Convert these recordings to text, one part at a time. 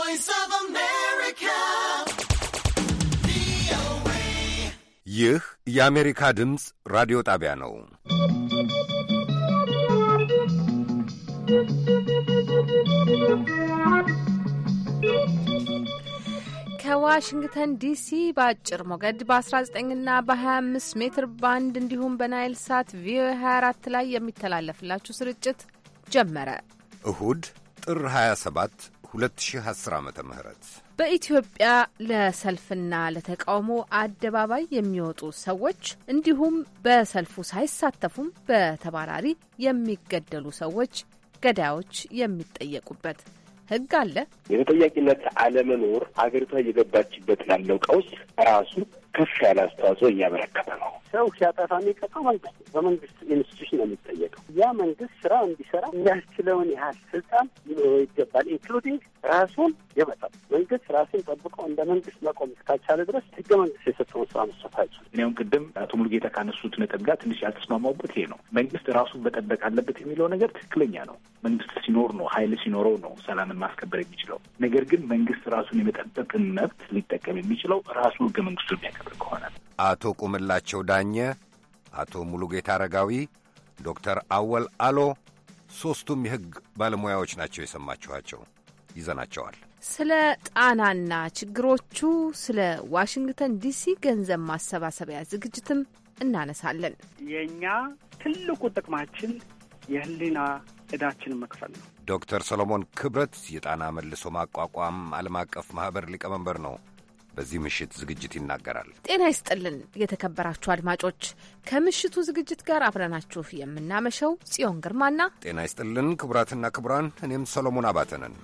voice of America. ይህ የአሜሪካ ድምፅ ራዲዮ ጣቢያ ነው። ከዋሽንግተን ዲሲ በአጭር ሞገድ በ19 ና በ25 ሜትር ባንድ እንዲሁም በናይል ሳት ቪኦኤ 24 ላይ የሚተላለፍላችሁ ስርጭት ጀመረ። እሁድ ጥር 27 2010 ዓ ም በኢትዮጵያ ለሰልፍና ለተቃውሞ አደባባይ የሚወጡ ሰዎች እንዲሁም በሰልፉ ሳይሳተፉም በተባራሪ የሚገደሉ ሰዎች ገዳዮች የሚጠየቁበት ህግ አለ። የተጠያቂነት አለመኖር ሀገሪቷ እየገባችበት ላለው ቀውስ ራሱ ከፍ ያለ አስተዋጽኦ እያበረከተ ነው። ሰው ሲያጠፋ የሚቀጣው መንግስት በመንግስት ኢንስቲቱሽን ነው የሚጠየቀው። ያ መንግስት ስራ እንዲሰራ የሚያስችለውን ያህል ስልጣን ሊኖረው ይገባል። ኢንክሉዲንግ ራሱን የመጣል መንግስት ራሱን ጠብቆ እንደ መንግስት መቆም እስካልቻለ ድረስ ህገ መንግስት የሰጠውን ስራ መስራት አይችል። እኔውም ቅድም አቶ ሙሉጌታ ካነሱት ነጥብ ጋር ትንሽ ያልተስማማውበት ይሄ ነው። መንግስት ራሱን መጠበቅ አለበት የሚለው ነገር ትክክለኛ ነው። መንግስት ሲኖር ነው ሀይል ሲኖረው ነው ሰላምን ማስከበር የሚችለው። ነገር ግን መንግስት ራሱን የመጠበቅን መብት ሊጠቀም የሚችለው ራሱ ህገ መንግስቱ የሚያቀ የሚያስችል ከሆነ አቶ ቁምላቸው ዳኘ፣ አቶ ሙሉጌታ አረጋዊ፣ ዶክተር አወል አሎ ሦስቱም የሕግ ባለሙያዎች ናቸው የሰማችኋቸው። ይዘናቸዋል። ስለ ጣናና ችግሮቹ፣ ስለ ዋሽንግተን ዲሲ ገንዘብ ማሰባሰቢያ ዝግጅትም እናነሳለን። የእኛ ትልቁ ጥቅማችን የህሊና ዕዳችን መክፈል ነው። ዶክተር ሰሎሞን ክብረት የጣና መልሶ ማቋቋም ዓለም አቀፍ ማኅበር ሊቀመንበር ነው። በዚህ ምሽት ዝግጅት ይናገራል። ጤና ይስጥልን የተከበራችሁ አድማጮች፣ ከምሽቱ ዝግጅት ጋር አብረናችሁ የምናመሸው ጽዮን ግርማና ጤና ይስጥልን ክቡራትና ክቡራን፣ እኔም ሰሎሞን አባተ ነን።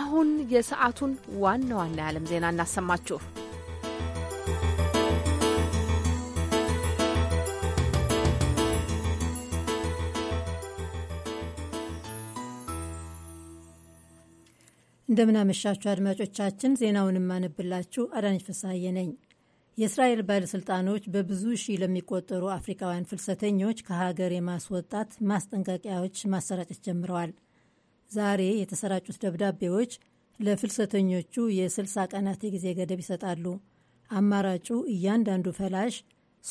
አሁን የሰዓቱን ዋና ዋና የዓለም ዜና እናሰማችሁ። እንደምናመሻችሁ አድማጮቻችን፣ ዜናውን የማነብላችሁ አዳነች ፍስሐዬ ነኝ። የእስራኤል ባለሥልጣኖች በብዙ ሺህ ለሚቆጠሩ አፍሪካውያን ፍልሰተኞች ከሀገር የማስወጣት ማስጠንቀቂያዎች ማሰራጨት ጀምረዋል። ዛሬ የተሰራጩት ደብዳቤዎች ለፍልሰተኞቹ የ60 ቀናት የጊዜ ገደብ ይሰጣሉ። አማራጩ እያንዳንዱ ፈላሽ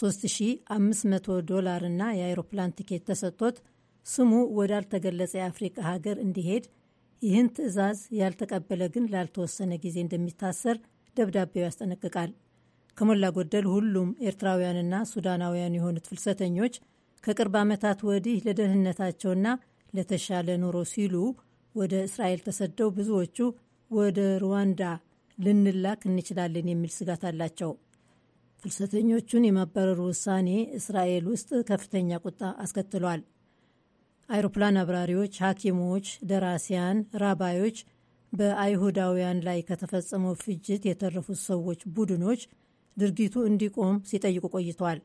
3500 ዶላርና የአይሮፕላን ቲኬት ተሰጥቶት ስሙ ወዳልተገለጸ የአፍሪቃ ሀገር እንዲሄድ ይህን ትዕዛዝ ያልተቀበለ ግን ላልተወሰነ ጊዜ እንደሚታሰር ደብዳቤው ያስጠነቅቃል። ከሞላ ጎደል ሁሉም ኤርትራውያንና ሱዳናውያን የሆኑት ፍልሰተኞች ከቅርብ ዓመታት ወዲህ ለደህንነታቸውና ለተሻለ ኑሮ ሲሉ ወደ እስራኤል ተሰደው ብዙዎቹ ወደ ሩዋንዳ ልንላክ እንችላለን የሚል ስጋት አላቸው። ፍልሰተኞቹን የማባረሩ ውሳኔ እስራኤል ውስጥ ከፍተኛ ቁጣ አስከትሏል። አይሮፕላን አብራሪዎች፣ ሐኪሞች፣ ደራሲያን፣ ራባዮች፣ በአይሁዳውያን ላይ ከተፈጸመው ፍጅት የተረፉት ሰዎች ቡድኖች ድርጊቱ እንዲቆም ሲጠይቁ ቆይተዋል።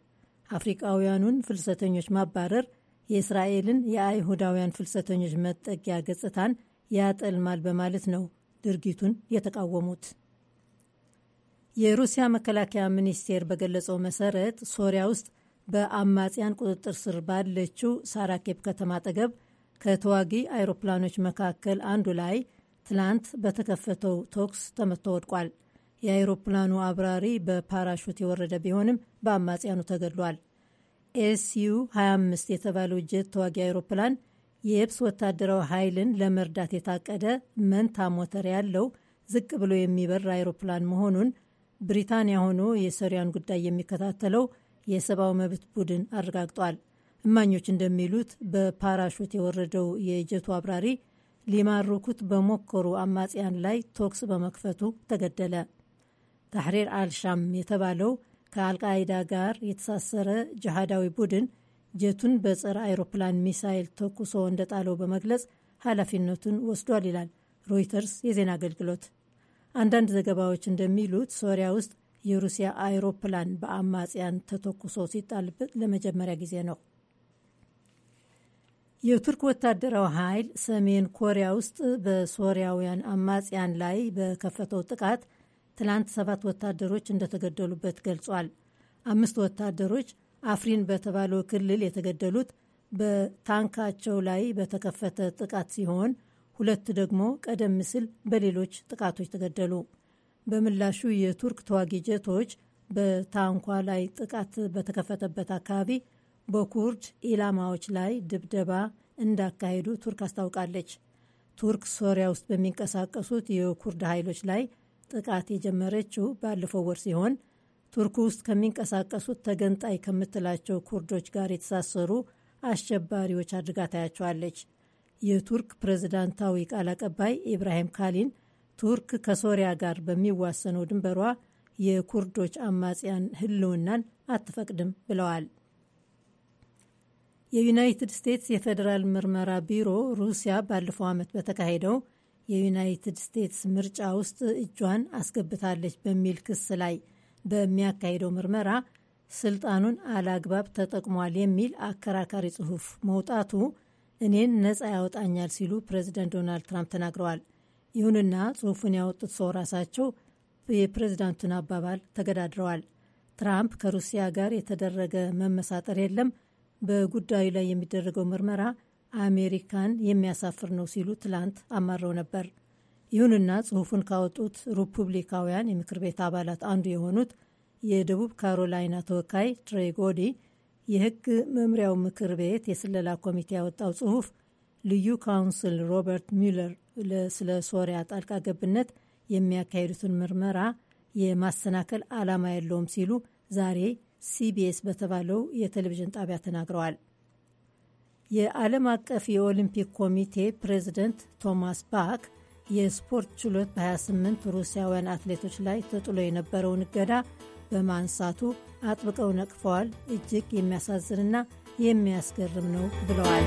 አፍሪቃውያኑን ፍልሰተኞች ማባረር የእስራኤልን የአይሁዳውያን ፍልሰተኞች መጠጊያ ገጽታን ያጠልማል በማለት ነው ድርጊቱን የተቃወሙት። የሩሲያ መከላከያ ሚኒስቴር በገለጸው መሰረት ሶሪያ ውስጥ በአማጽያን ቁጥጥር ስር ባለችው ሳራኬፕ ከተማ አጠገብ ከተዋጊ አይሮፕላኖች መካከል አንዱ ላይ ትላንት በተከፈተው ተኩስ ተመቶ ወድቋል። የአይሮፕላኑ አብራሪ በፓራሹት የወረደ ቢሆንም በአማጽያኑ ተገድሏል። ኤስዩ 25 የተባለው ጀት ተዋጊ አይሮፕላን የየብስ ወታደራዊ ኃይልን ለመርዳት የታቀደ መንታ ሞተር ያለው ዝቅ ብሎ የሚበር አይሮፕላን መሆኑን ብሪታንያ ሆኖ የሰሪያን ጉዳይ የሚከታተለው የሰብአዊ መብት ቡድን አረጋግጧል። እማኞች እንደሚሉት በፓራሹት የወረደው የጀቱ አብራሪ ሊማርኩት በሞከሩ አማጽያን ላይ ተኩስ በመክፈቱ ተገደለ። ታሕሪር አልሻም የተባለው ከአልቃይዳ ጋር የተሳሰረ ጅሃዳዊ ቡድን ጀቱን በጸረ አይሮፕላን ሚሳይል ተኩሶ እንደጣለው በመግለጽ ኃላፊነቱን ወስዷል ይላል ሮይተርስ የዜና አገልግሎት። አንዳንድ ዘገባዎች እንደሚሉት ሶሪያ ውስጥ የሩሲያ አይሮፕላን በአማጽያን ተተኩሶ ሲጣልበት ለመጀመሪያ ጊዜ ነው። የቱርክ ወታደራዊ ኃይል ሰሜን ኮሪያ ውስጥ በሶሪያውያን አማጽያን ላይ በከፈተው ጥቃት ትላንት ሰባት ወታደሮች እንደተገደሉበት ገልጿል። አምስት ወታደሮች አፍሪን በተባለው ክልል የተገደሉት በታንካቸው ላይ በተከፈተ ጥቃት ሲሆን ሁለት ደግሞ ቀደም ሲል በሌሎች ጥቃቶች ተገደሉ። በምላሹ የቱርክ ተዋጊ ጀቶች በታንኳ ላይ ጥቃት በተከፈተበት አካባቢ በኩርድ ኢላማዎች ላይ ድብደባ እንዳካሄዱ ቱርክ አስታውቃለች። ቱርክ ሶሪያ ውስጥ በሚንቀሳቀሱት የኩርድ ኃይሎች ላይ ጥቃት የጀመረችው ባለፈው ወር ሲሆን ቱርክ ውስጥ ከሚንቀሳቀሱት ተገንጣይ ከምትላቸው ኩርዶች ጋር የተሳሰሩ አሸባሪዎች አድርጋ ታያቸዋለች። የቱርክ ፕሬዝዳንታዊ ቃል አቀባይ ኢብራሂም ካሊን ቱርክ ከሶሪያ ጋር በሚዋሰነው ድንበሯ የኩርዶች አማጽያን ህልውናን አትፈቅድም ብለዋል። የዩናይትድ ስቴትስ የፌዴራል ምርመራ ቢሮ ሩሲያ ባለፈው ዓመት በተካሄደው የዩናይትድ ስቴትስ ምርጫ ውስጥ እጇን አስገብታለች በሚል ክስ ላይ በሚያካሄደው ምርመራ ስልጣኑን አላግባብ ተጠቅሟል የሚል አከራካሪ ጽሑፍ መውጣቱ እኔን ነፃ ያወጣኛል ሲሉ ፕሬዚደንት ዶናልድ ትራምፕ ተናግረዋል። ይሁንና ጽሑፉን ያወጡት ሰው ራሳቸው የፕሬዝዳንቱን አባባል ተገዳድረዋል። ትራምፕ ከሩሲያ ጋር የተደረገ መመሳጠር የለም፣ በጉዳዩ ላይ የሚደረገው ምርመራ አሜሪካን የሚያሳፍር ነው ሲሉ ትላንት አማረው ነበር። ይሁንና ጽሑፉን ካወጡት ሪፑብሊካውያን የምክር ቤት አባላት አንዱ የሆኑት የደቡብ ካሮላይና ተወካይ ትሬ ጎዲ የሕግ መምሪያው ምክር ቤት የስለላ ኮሚቴ ያወጣው ጽሑፍ ልዩ ካውንስል ሮበርት ሚለር ስለ ሶሪያ ጣልቃ ገብነት የሚያካሂዱትን ምርመራ የማሰናከል ዓላማ የለውም ሲሉ ዛሬ ሲቢኤስ በተባለው የቴሌቪዥን ጣቢያ ተናግረዋል። የዓለም አቀፍ የኦሊምፒክ ኮሚቴ ፕሬዚደንት ቶማስ ባክ የስፖርት ችሎት በ28 ሩሲያውያን አትሌቶች ላይ ተጥሎ የነበረውን እገዳ በማንሳቱ አጥብቀው ነቅፈዋል። እጅግ የሚያሳዝንና የሚያስገርም ነው ብለዋል።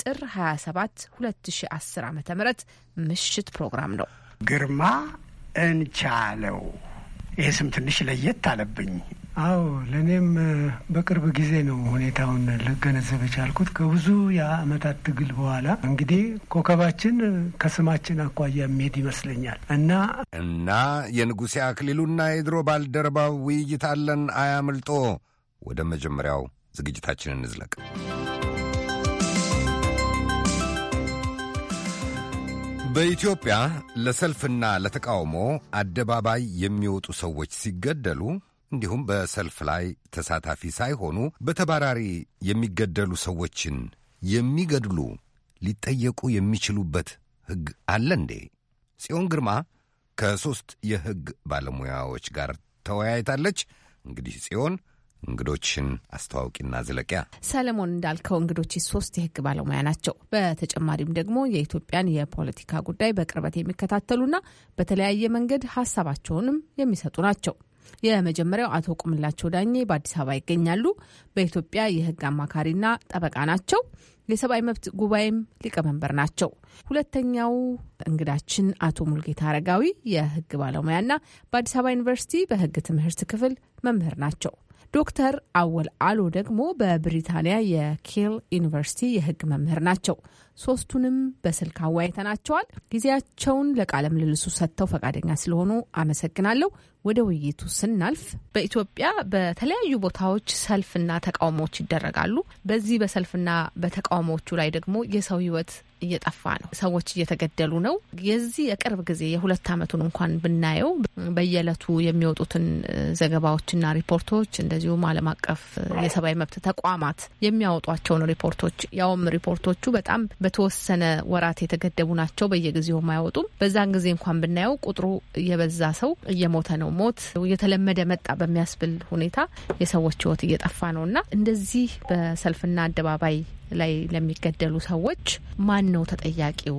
ጥር 27 2010 ዓ ም ምሽት ፕሮግራም ነው። ግርማ እንቻለው ይህ ስም ትንሽ ለየት አለብኝ። አዎ ለእኔም በቅርብ ጊዜ ነው ሁኔታውን ልገነዘብ የቻልኩት ከብዙ የአመታት ትግል በኋላ። እንግዲህ ኮከባችን ከስማችን አኳያ የሚሄድ ይመስለኛል እና እና የንጉሴ አክሊሉና የድሮ ባልደረባው ውይይት አለን፣ አያምልጦ። ወደ መጀመሪያው ዝግጅታችን እንዝለቅ። በኢትዮጵያ ለሰልፍና ለተቃውሞ አደባባይ የሚወጡ ሰዎች ሲገደሉ እንዲሁም በሰልፍ ላይ ተሳታፊ ሳይሆኑ በተባራሪ የሚገደሉ ሰዎችን የሚገድሉ ሊጠየቁ የሚችሉበት ሕግ አለ እንዴ? ጽዮን ግርማ ከሦስት የሕግ ባለሙያዎች ጋር ተወያይታለች። እንግዲህ ጽዮን እንግዶችን አስተዋውቂና ዘለቂያ ሰለሞን እንዳልከው እንግዶች ሶስት የህግ ባለሙያ ናቸው። በተጨማሪም ደግሞ የኢትዮጵያን የፖለቲካ ጉዳይ በቅርበት የሚከታተሉና በተለያየ መንገድ ሀሳባቸውንም የሚሰጡ ናቸው። የመጀመሪያው አቶ ቁምላቸው ዳኜ በአዲስ አበባ ይገኛሉ። በኢትዮጵያ የህግ አማካሪና ጠበቃ ናቸው። የሰብአዊ መብት ጉባኤም ሊቀመንበር ናቸው። ሁለተኛው እንግዳችን አቶ ሙልጌታ አረጋዊ የህግ ባለሙያና በአዲስ አበባ ዩኒቨርሲቲ በህግ ትምህርት ክፍል መምህር ናቸው። ዶክተር አወል አሎ ደግሞ በብሪታንያ የኬል ዩኒቨርሲቲ የህግ መምህር ናቸው። ሶስቱንም በስልክ አወያይተናቸዋል። ጊዜያቸውን ለቃለ ምልልሱ ሰጥተው ፈቃደኛ ስለሆኑ አመሰግናለሁ። ወደ ውይይቱ ስናልፍ በኢትዮጵያ በተለያዩ ቦታዎች ሰልፍና ተቃውሞዎች ይደረጋሉ። በዚህ በሰልፍና በተቃውሞዎቹ ላይ ደግሞ የሰው ህይወት ። እየጠፋ ነው። ሰዎች እየተገደሉ ነው። የዚህ የቅርብ ጊዜ የሁለት ዓመቱን እንኳን ብናየው በየዕለቱ የሚወጡትን ዘገባዎችና ሪፖርቶች እንደዚሁም ዓለም አቀፍ የሰብአዊ መብት ተቋማት የሚያወጧቸውን ሪፖርቶች ያውም ሪፖርቶቹ በጣም በተወሰነ ወራት የተገደቡ ናቸው። በየጊዜውም አይወጡም። በዛን ጊዜ እንኳን ብናየው ቁጥሩ እየበዛ ሰው እየሞተ ነው። ሞት እየተለመደ መጣ በሚያስብል ሁኔታ የሰዎች ህይወት እየጠፋ ነው እና እንደዚህ በሰልፍና አደባባይ ላይ ለሚገደሉ ሰዎች ማን ነው ተጠያቂው?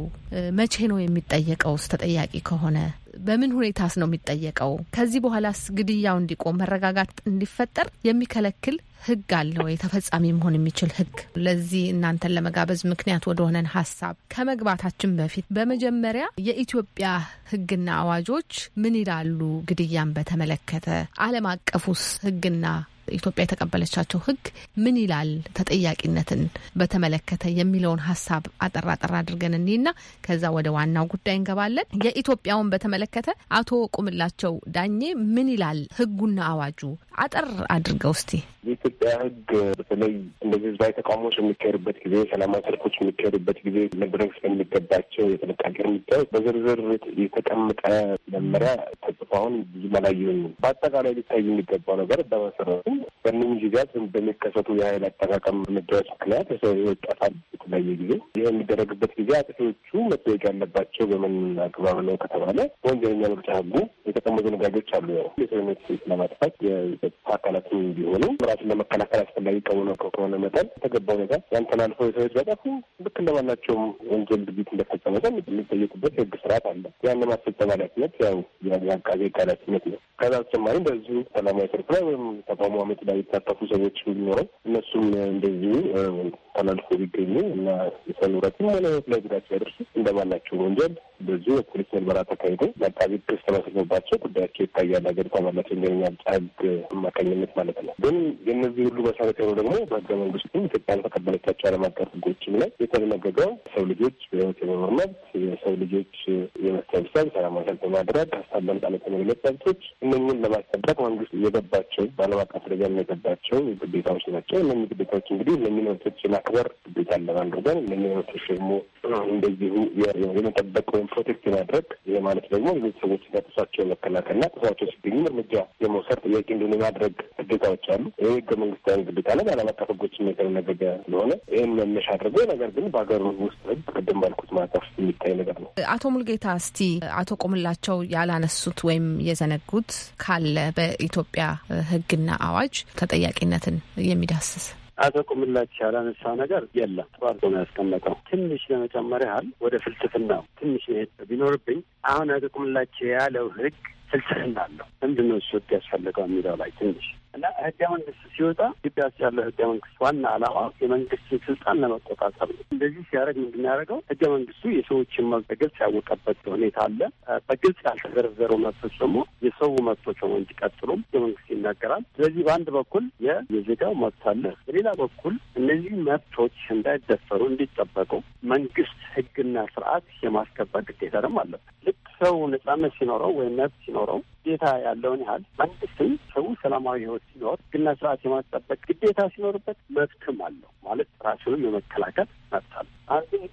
መቼ ነው የሚጠየቀውስ? ተጠያቂ ከሆነ በምን ሁኔታስ ነው የሚጠየቀው? ከዚህ በኋላስ ግድያው እንዲቆም መረጋጋት እንዲፈጠር የሚከለክል ህግ አለ ወይ? ተፈጻሚ መሆን የሚችል ህግ? ለዚህ እናንተን ለመጋበዝ ምክንያት ወደሆነን ሀሳብ ከመግባታችን በፊት በመጀመሪያ የኢትዮጵያ ህግና አዋጆች ምን ይላሉ? ግድያን በተመለከተ ዓለም አቀፉስ ህግና ኢትዮጵያ የተቀበለቻቸው ህግ ምን ይላል ተጠያቂነትን በተመለከተ የሚለውን ሀሳብ አጠር አጠር አድርገን እኒና ከዛ ወደ ዋናው ጉዳይ እንገባለን። የኢትዮጵያውን በተመለከተ አቶ ቁምላቸው ዳኜ ምን ይላል ህጉና አዋጁ አጠር አድርገው እስቲ የኢትዮጵያ ሕግ በተለይ እንደዚህ ህዝባዊ ተቃውሞዎች የሚካሄዱበት ጊዜ፣ ሰላማዊ ሰልፎች የሚካሄዱበት ጊዜ መድረግ ስለሚገባቸው የጥንቃቄ እርምጃዎች በዝርዝር የተቀመጠ መመሪያ ተጽፎ አሁን ብዙም አላየሁኝም። በአጠቃላይ ሊታይ የሚገባው ነገር በመሰረቱ በእነኝህ ጊዜያት በሚከሰቱ የኃይል አጠቃቀም እርምጃዎች ምክንያት የሰው ሕይወት ይጠፋል የተለያየ ጊዜ። ይህ የሚደረግበት ጊዜ አጥፊዎቹ መጠየቅ ያለባቸው በምን አግባብ ነው ከተባለ በወንጀለኛ መቅጫ ህጉ የተቀመጡ ነጋጆች አሉ። ያው የሰውነት ለማጥፋት የጸጥታ አካላትም ቢሆኑ ራሱን ለመከላከል አስፈላጊ ከሆነ ከሆነ መጠን ተገባው ነገር ያንተን አልፎ የሰዎች በጠፉ ልክ እንደማናቸውም ወንጀል ድርጊት እንደፈጸመ መጠን የሚጠየቁበት የህግ ስርዓት አለ። ያን ለማስፈጸም ኃላፊነት ያው የአቃቤ ህግ ኃላፊነት ነው። ከዛ በተጨማሪ እንደዚሁ ሰላማዊ ሰልፍ ላይ ወይም ተቃውሞ አመት ላይ የተሳተፉ ሰዎች ቢኖረው እነሱም እንደዚሁ ተላልፎ ቢገኙ እና የሰው ንብረትም ሆነ ህይወት ላይ ጉዳት ሲያደርሱ እንደማናቸውም ወንጀል በዚሁ የፖሊስ ምርመራ ተካሂዶ በአቃቢ ክስ ተመስርቶባቸው ጉዳያቸው ይታያል። ሀገር ተመለሱ እንደኛል ጫግ አማካኝነት ማለት ነው። ግን የነዚህ ሁሉ መሰረት የሆኑ ደግሞ በህገ መንግስቱም ኢትዮጵያ ተቀበለቻቸው ዓለም አቀፍ ህጎችም ላይ የተደነገገው ሰው ልጆች በህይወት የመኖር መብት፣ የሰው ልጆች የመሰብሰብ ሰላማዊ ሰልፍ በማድረግ ሀሳብ በነጻነት የመግለጽ መብቶች፣ እነኝን ለማስጠበቅ መንግስት እየገባቸው በዓለም አቀፍ ደረጃ የገባቸው ግዴታዎች ናቸው። እነኝህ ግዴታዎች እንግዲህ እነኝን መብቶች የማክበር ግዴታ አለን አድርገን እነኝህ መብቶች ደግሞ ነው እንደዚሁ የመጠበቅ ወይም ፕሮቴክት የማድረግ ይህ ማለት ደግሞ ሌሎች ሰዎች ጋር ጥሷቸው የመከላከልና ጥሷቸው ሲገኙም እርምጃ የመውሰድ ጥያቄ እንደሆነ የማድረግ ግዴታዎች አሉ። ይህ ህገ መንግስታዊ ግዴታ ላይ ዓለም አቀፍ ህጎች የተደነገገ ስለሆነ ይህን መነሻ አድርጎ ነገር ግን በሀገሩ ውስጥ ህግ ቅድም ባልኩት ማዕቀፍ የሚታይ ነገር ነው። አቶ ሙልጌታ እስቲ አቶ ቆምላቸው ያላነሱት ወይም የዘነጉት ካለ በኢትዮጵያ ህግና አዋጅ ተጠያቂነትን የሚዳስስ አጠቁምላችሁ ያላነሳው ነገር የለም። ባርቶ ነው ያስቀመጠው። ትንሽ ለመጨመር ያህል ወደ ፍልስፍና ትንሽ ቢኖርብኝ አሁን አጠቁምላችሁ ያለው ህግ ፍልስፍና አለው። ምንድነው እሱ ህግ ያስፈልገው የሚለው ላይ ትንሽ እና ህገ መንግስት ሲወጣ ኢትዮጵያ ውስጥ ያለው ህገ መንግስት ዋና አላማ የመንግስትን ስልጣን ለመቆጣጠር ነው። እንደዚህ ሲያደርግ ምንድን ያደርገው ህገ መንግስቱ የሰዎችን መብት በግልጽ ያወቀበት ሁኔታ አለ። በግልጽ ያልተዘረዘሩ መብቶች ደግሞ የሰው መብቶች ሆኖ እንዲቀጥሉም ህገ መንግስት ይናገራል። ስለዚህ በአንድ በኩል የዜጋው መብት አለ፣ በሌላ በኩል እነዚህ መብቶች እንዳይደፈሩ እንዲጠበቁ መንግስት ህግና ስርዓት የማስከበር ግዴታ ደግሞ አለበት። ሰው ነጻነት ሲኖረው ወይም መብት ሲኖረው ግዴታ ያለውን ያህል መንግስትም ሰው ሰላማዊ ህይወት ሲኖር ህግና ስርዓት የማስጠበቅ ግዴታ ሲኖርበት መብትም አለው ማለት ራሱንም የመከላከል መብት አለ።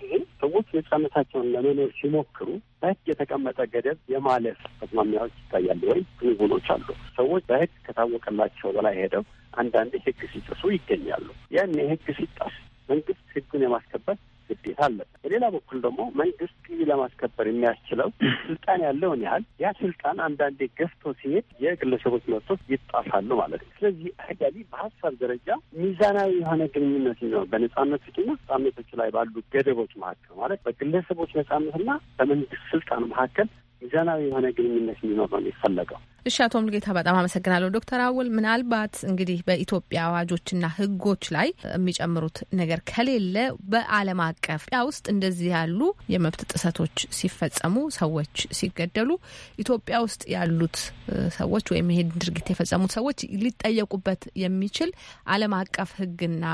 ጊዜ ሰዎች ነጻነታቸውን ለመኖር ሲሞክሩ በህግ የተቀመጠ ገደብ የማለፍ አዝማሚያዎች ይታያሉ ወይም ክንውኖች አሉ። ሰዎች በህግ ከታወቀላቸው በላይ ሄደው አንዳንዴ ህግ ሲጥሱ ይገኛሉ። ያን ህግ ሲጣስ መንግስት ህጉን የማስከበር ግዴታ አለበት። በሌላ በኩል ደግሞ መንግስት ለማስከበር የሚያስችለው ስልጣን ያለውን ያህል ያ ስልጣን አንዳንዴ ገፍቶ ሲሄድ የግለሰቦች መብቶች ይጣሳሉ ማለት ነው። ስለዚህ አጃቢ በሀሳብ ደረጃ ሚዛናዊ የሆነ ግንኙነት ይኖር በነጻነቶችና ነጻነቶች ላይ ባሉ ገደቦች መካከል ማለት በግለሰቦች ነጻነትና በመንግስት ስልጣን መካከል ሚዛናዊ የሆነ ግንኙነት እንዲኖር ነው የሚፈለገው። እሺ፣ አቶ ሙልጌታ በጣም አመሰግናለሁ። ዶክተር አውል ምናልባት እንግዲህ በኢትዮጵያ አዋጆችና ሕጎች ላይ የሚጨምሩት ነገር ከሌለ በዓለም አቀፍ ውስጥ እንደዚህ ያሉ የመብት ጥሰቶች ሲፈጸሙ፣ ሰዎች ሲገደሉ ኢትዮጵያ ውስጥ ያሉት ሰዎች ወይም ይሄን ድርጊት የፈጸሙት ሰዎች ሊጠየቁበት የሚችል ዓለም አቀፍ ሕግና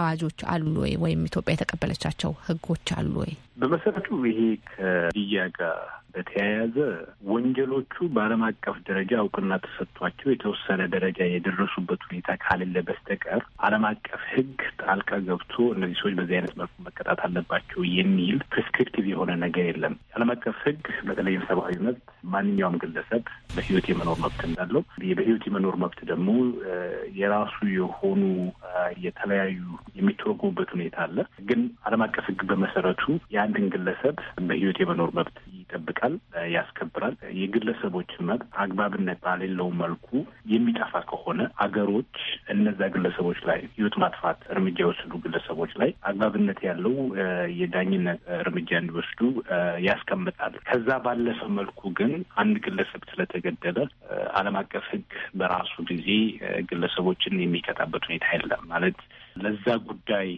አዋጆች አሉ ወይ? ወይም ኢትዮጵያ የተቀበለቻቸው ሕጎች አሉ ወይ? በመሰረቱ ይሄ ከድያ ጋር በተያያዘ ወንጀሎቹ በዓለም አቀፍ ደረጃ እውቅና ተሰጥቷቸው የተወሰነ ደረጃ የደረሱበት ሁኔታ ካሌለ በስተቀር ዓለም አቀፍ ሕግ ጣልቃ ገብቶ እነዚህ ሰዎች በዚህ አይነት መልኩ መቀጣት አለባቸው የሚል ፕሪስክሪፕቲቭ የሆነ ነገር የለም። የዓለም አቀፍ ሕግ በተለይም ሰብአዊ መብት ማንኛውም ግለሰብ በሕይወት የመኖር መብት እንዳለው በሕይወት የመኖር መብት ደግሞ የራሱ የሆኑ የተለያዩ የሚተወጉበት ሁኔታ አለ። ግን ዓለም አቀፍ ሕግ በመሰረቱ የአንድን ግለሰብ በሕይወት የመኖር መብት ይጠብቃል። ይጠብቃል፣ ያስከብራል። የግለሰቦች መብት አግባብነት ባሌለው መልኩ የሚጠፋ ከሆነ አገሮች እነዛ ግለሰቦች ላይ ህይወት ማጥፋት እርምጃ የወሰዱ ግለሰቦች ላይ አግባብነት ያለው የዳኝነት እርምጃ እንዲወስዱ ያስቀምጣል። ከዛ ባለፈ መልኩ ግን አንድ ግለሰብ ስለተገደለ ዓለም አቀፍ ህግ በራሱ ጊዜ ግለሰቦችን የሚቀጣበት ሁኔታ የለም ማለት ለዛ ጉዳይ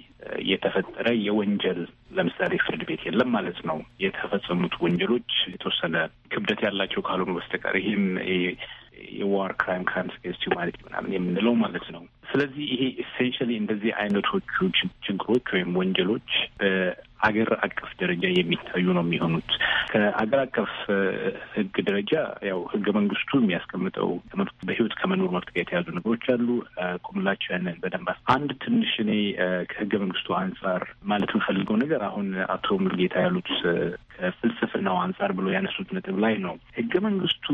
የተፈጠረ የወንጀል ለምሳሌ ፍርድ ቤት የለም ማለት ነው። የተፈጸሙት ወንጀሎች የተወሰነ ክብደት ያላቸው ካልሆኑ በስተቀር ይህም የዋር ክራይም ክራይምስ ጌስት ማለት ምናምን የምንለው ማለት ነው። ስለዚህ ይሄ ኢሴንሽሊ እንደዚህ አይነቶቹ ችግሮች ወይም ወንጀሎች አገር አቀፍ ደረጃ የሚታዩ ነው የሚሆኑት። ከአገር አቀፍ ህግ ደረጃ ያው ህገ መንግስቱ የሚያስቀምጠው ትምህርት በህይወት ከመኖር መብት ጋር የተያዙ ነገሮች አሉ። ቁምላቸው ያንን በደንብ አንድ ትንሽ እኔ ከህገ መንግስቱ አንጻር ማለት የምፈልገው ነገር አሁን አቶ ሙልጌታ ያሉት ከፍልስፍናው አንጻር ብሎ ያነሱት ነጥብ ላይ ነው ህገ መንግስቱ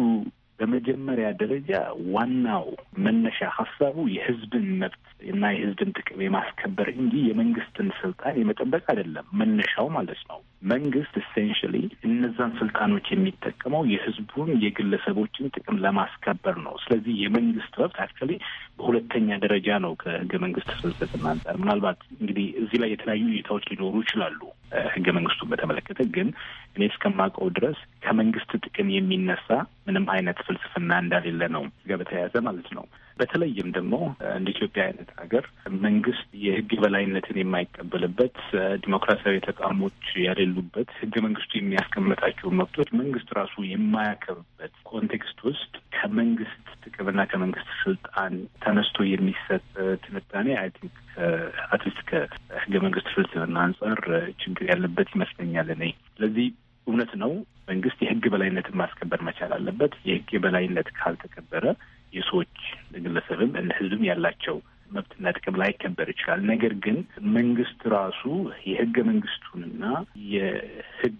በመጀመሪያ ደረጃ ዋናው መነሻ ሀሳቡ የህዝብን መብት እና የህዝብን ጥቅም የማስከበር እንጂ የመንግስትን ስልጣን የመጠበቅ አይደለም። መነሻው ማለት ነው። መንግስት ኢሴንሽሊ እነዛን ስልጣኖች የሚጠቀመው የህዝቡን የግለሰቦችን ጥቅም ለማስከበር ነው። ስለዚህ የመንግስት መብት አክቹዋሊ በሁለተኛ ደረጃ ነው ከህገ መንግስት ስልጠትና አንጻር ምናልባት እንግዲህ እዚህ ላይ የተለያዩ እይታዎች ሊኖሩ ይችላሉ። ህገ መንግስቱን በተመለከተ ግን እኔ እስከማውቀው ድረስ ከመንግስት ጥቅም የሚነሳ ምንም አይነት ፍልስፍና እንዳሌለ ነው በተያያዘ ማለት ነው። በተለይም ደግሞ እንደ ኢትዮጵያ አይነት ሀገር መንግስት የህግ የበላይነትን የማይቀበልበት ዲሞክራሲያዊ ተቋሞች ያሌሉበት ህገ መንግስቱ የሚያስቀምጣቸውን መብቶች መንግስት ራሱ የማያከብበት ኮንቴክስት ውስጥ ከመንግስት ጥቅምና ከመንግስት ስልጣን ተነስቶ የሚሰጥ ትንታኔ አይ ቲንክ አትሊስት ከህገ መንግስት ፍልስፍና አንጻር ችግር ያለበት ይመስለኛል። እኔ ስለዚህ እውነት ነው መንግስት የህግ በላይነትን ማስከበር መቻል አለበት። የህግ የበላይነት ካልተከበረ የሰዎች ግለሰብም እንደ ህዝብም ያላቸው መብትና ጥቅም ላይከበር ይችላል። ነገር ግን መንግስት ራሱ የህገ መንግስቱንና የህግ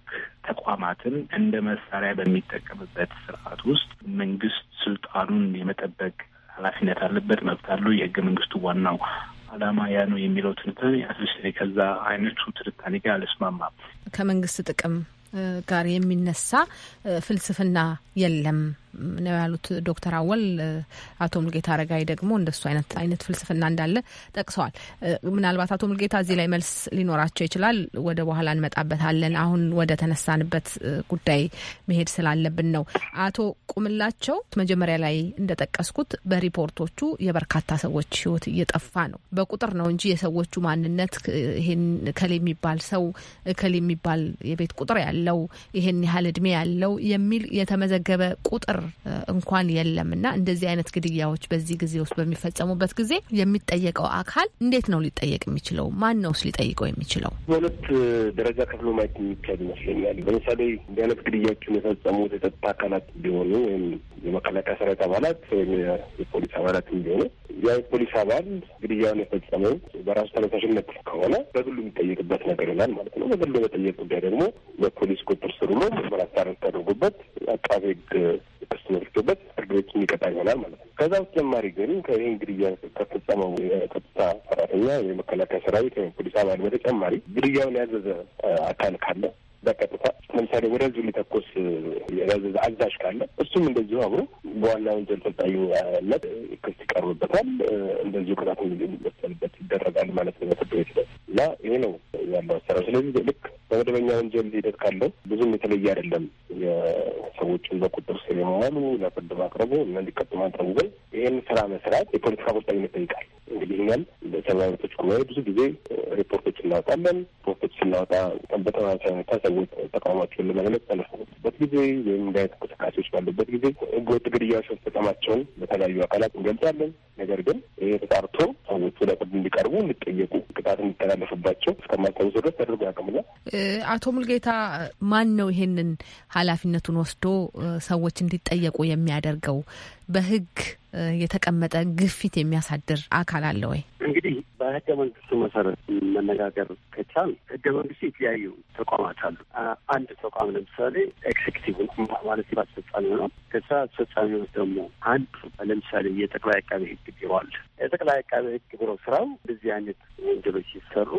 ተቋማትን እንደ መሳሪያ በሚጠቀምበት ስርዓት ውስጥ መንግስት ስልጣኑን የመጠበቅ ኃላፊነት አለበት፣ መብት አለው። የህገ መንግስቱ ዋናው አላማ ያ ነው የሚለው ትንታኔ አትሊስት ከዛ አይነቱ ትንታኔ ጋር አልስማማም። ከመንግስት ጥቅም ጋር የሚነሳ ፍልስፍና የለም ነው ያሉት ዶክተር አወል። አቶ ሙልጌታ አረጋይ ደግሞ እንደሱ አይነት አይነት ፍልስፍና እንዳለ ጠቅሰዋል። ምናልባት አቶ ሙልጌታ እዚህ ላይ መልስ ሊኖራቸው ይችላል። ወደ በኋላ እንመጣበታለን። አሁን ወደ ተነሳንበት ጉዳይ መሄድ ስላለብን ነው። አቶ ቁምላቸው መጀመሪያ ላይ እንደጠቀስኩት በሪፖርቶቹ የበርካታ ሰዎች ህይወት እየጠፋ ነው። በቁጥር ነው እንጂ የሰዎቹ ማንነት ይሄን እከሌ የሚባል ሰው እከሌ የሚባል የቤት ቁጥር ያለው ይሄን ያህል እድሜ ያለው የሚል የተመዘገበ ቁጥር ነገር እንኳን የለም እና እንደዚህ አይነት ግድያዎች በዚህ ጊዜ ውስጥ በሚፈጸሙበት ጊዜ የሚጠየቀው አካል እንዴት ነው ሊጠየቅ የሚችለው? ማን ነውስ ሊጠይቀው የሚችለው? በሁለት ደረጃ ከፍሎ ማየት የሚቻል ይመስለኛል። ለምሳሌ እንዲህ አይነት ግድያዎችን የፈጸሙት የጸጥታ አካላት ቢሆኑ ወይም የመከላከያ ሰራዊት አባላት ወይም የፖሊስ አባላት ቢሆኑ ያ የፖሊስ አባል ግድያውን የፈጸመው በራሱ ተነሳሽነት ከሆነ በግሉ የሚጠየቅበት ነገር ይላል ማለት ነው። በግሉ በጠየቅ ጉዳይ ደግሞ በፖሊስ ቁጥር ስር ውሎ ምርመራ ተደርጎበት አቃቤ ሕግ ክስ መስርቶበት ፍርድ ቤት የሚቀጣ ይሆናል ማለት ነው። ከዛ በተጨማሪ ግን ከዚህ ግድያ ከፈጸመው የጸጥታ ሰራተኛ የመከላከያ ሰራዊት ወይም ፖሊስ አባል በተጨማሪ ግድያውን ያዘዘ አካል ካለ በቀጥታ ለምሳሌ ወደ ህዝብ ሊተኮስ የረዘዘ አዛዥ ካለ እሱም እንደዚሁ አብሮ በዋና ወንጀል ተጠያቂነት ክስ ይቀርብበታል። እንደዚሁ ቅጣት የሚመሰልበት ይደረጋል ማለት ነው በፍርድ ቤት ላይ እና ይሄ ነው ያለው አሰራር። ስለዚህ ልክ በመደበኛ ወንጀል ሂደት ካለው ብዙም የተለየ አይደለም። የሰዎችን በቁጥር ስር የመዋሉ ለፍርድ ማቅረቡ እና እንዲቀጡ ማድረጉ ግን ይህን ስራ መስራት የፖለቲካ ቁርጠኝነት ይጠይቃል። እንግዲህ እኛም በሰብአዊ መብቶች ጉባኤ ብዙ ጊዜ ሪፖርቶች እናወጣለን። ሪፖርቶች ስናወጣ በተመሳሳይ ሰዎች ተቃውሟቸውን ለመግለጽ ሰልፍ በሚወጡበት ጊዜ ወይም እንዲህ አይነት እንቅስቃሴዎች ባሉበት ጊዜ ህገወጥ ግድያዎች መፈጸማቸውን በተለያዩ አካላት እንገልጻለን። ነገር ግን ይህ ተጣርቶ ሰዎቹ ለፍርድ እንዲቀርቡ፣ እንዲጠየቁ፣ ቅጣት እንዲተላለፍባቸው እስከማልታወሱ ድረስ ተደርጎ ያቅምና አቶ ሙልጌታ ማን ነው ይሄንን ኃላፊነቱን ወስዶ ሰዎች እንዲጠየቁ የሚያደርገው? በህግ የተቀመጠ ግፊት የሚያሳድር አካል አለ ወይ? እንግዲህ በህገ መንግስቱ መሰረት መነጋገር ከቻል ህገ መንግስቱ የተለያዩ ተቋማት አሉ። አንድ ተቋም ለምሳሌ ኤክሴክቲቭ ማለት አስፈጻሚ ሆኗል። ከስራ አስፈጻሚ ደግሞ አንዱ ለምሳሌ የጠቅላይ አቃቤ ህግ ቢሮ አለ። የጠቅላይ አቃቤ ሕግ ብሮ ስራው እንደዚህ አይነት ወንጀሎች ሲሰሩ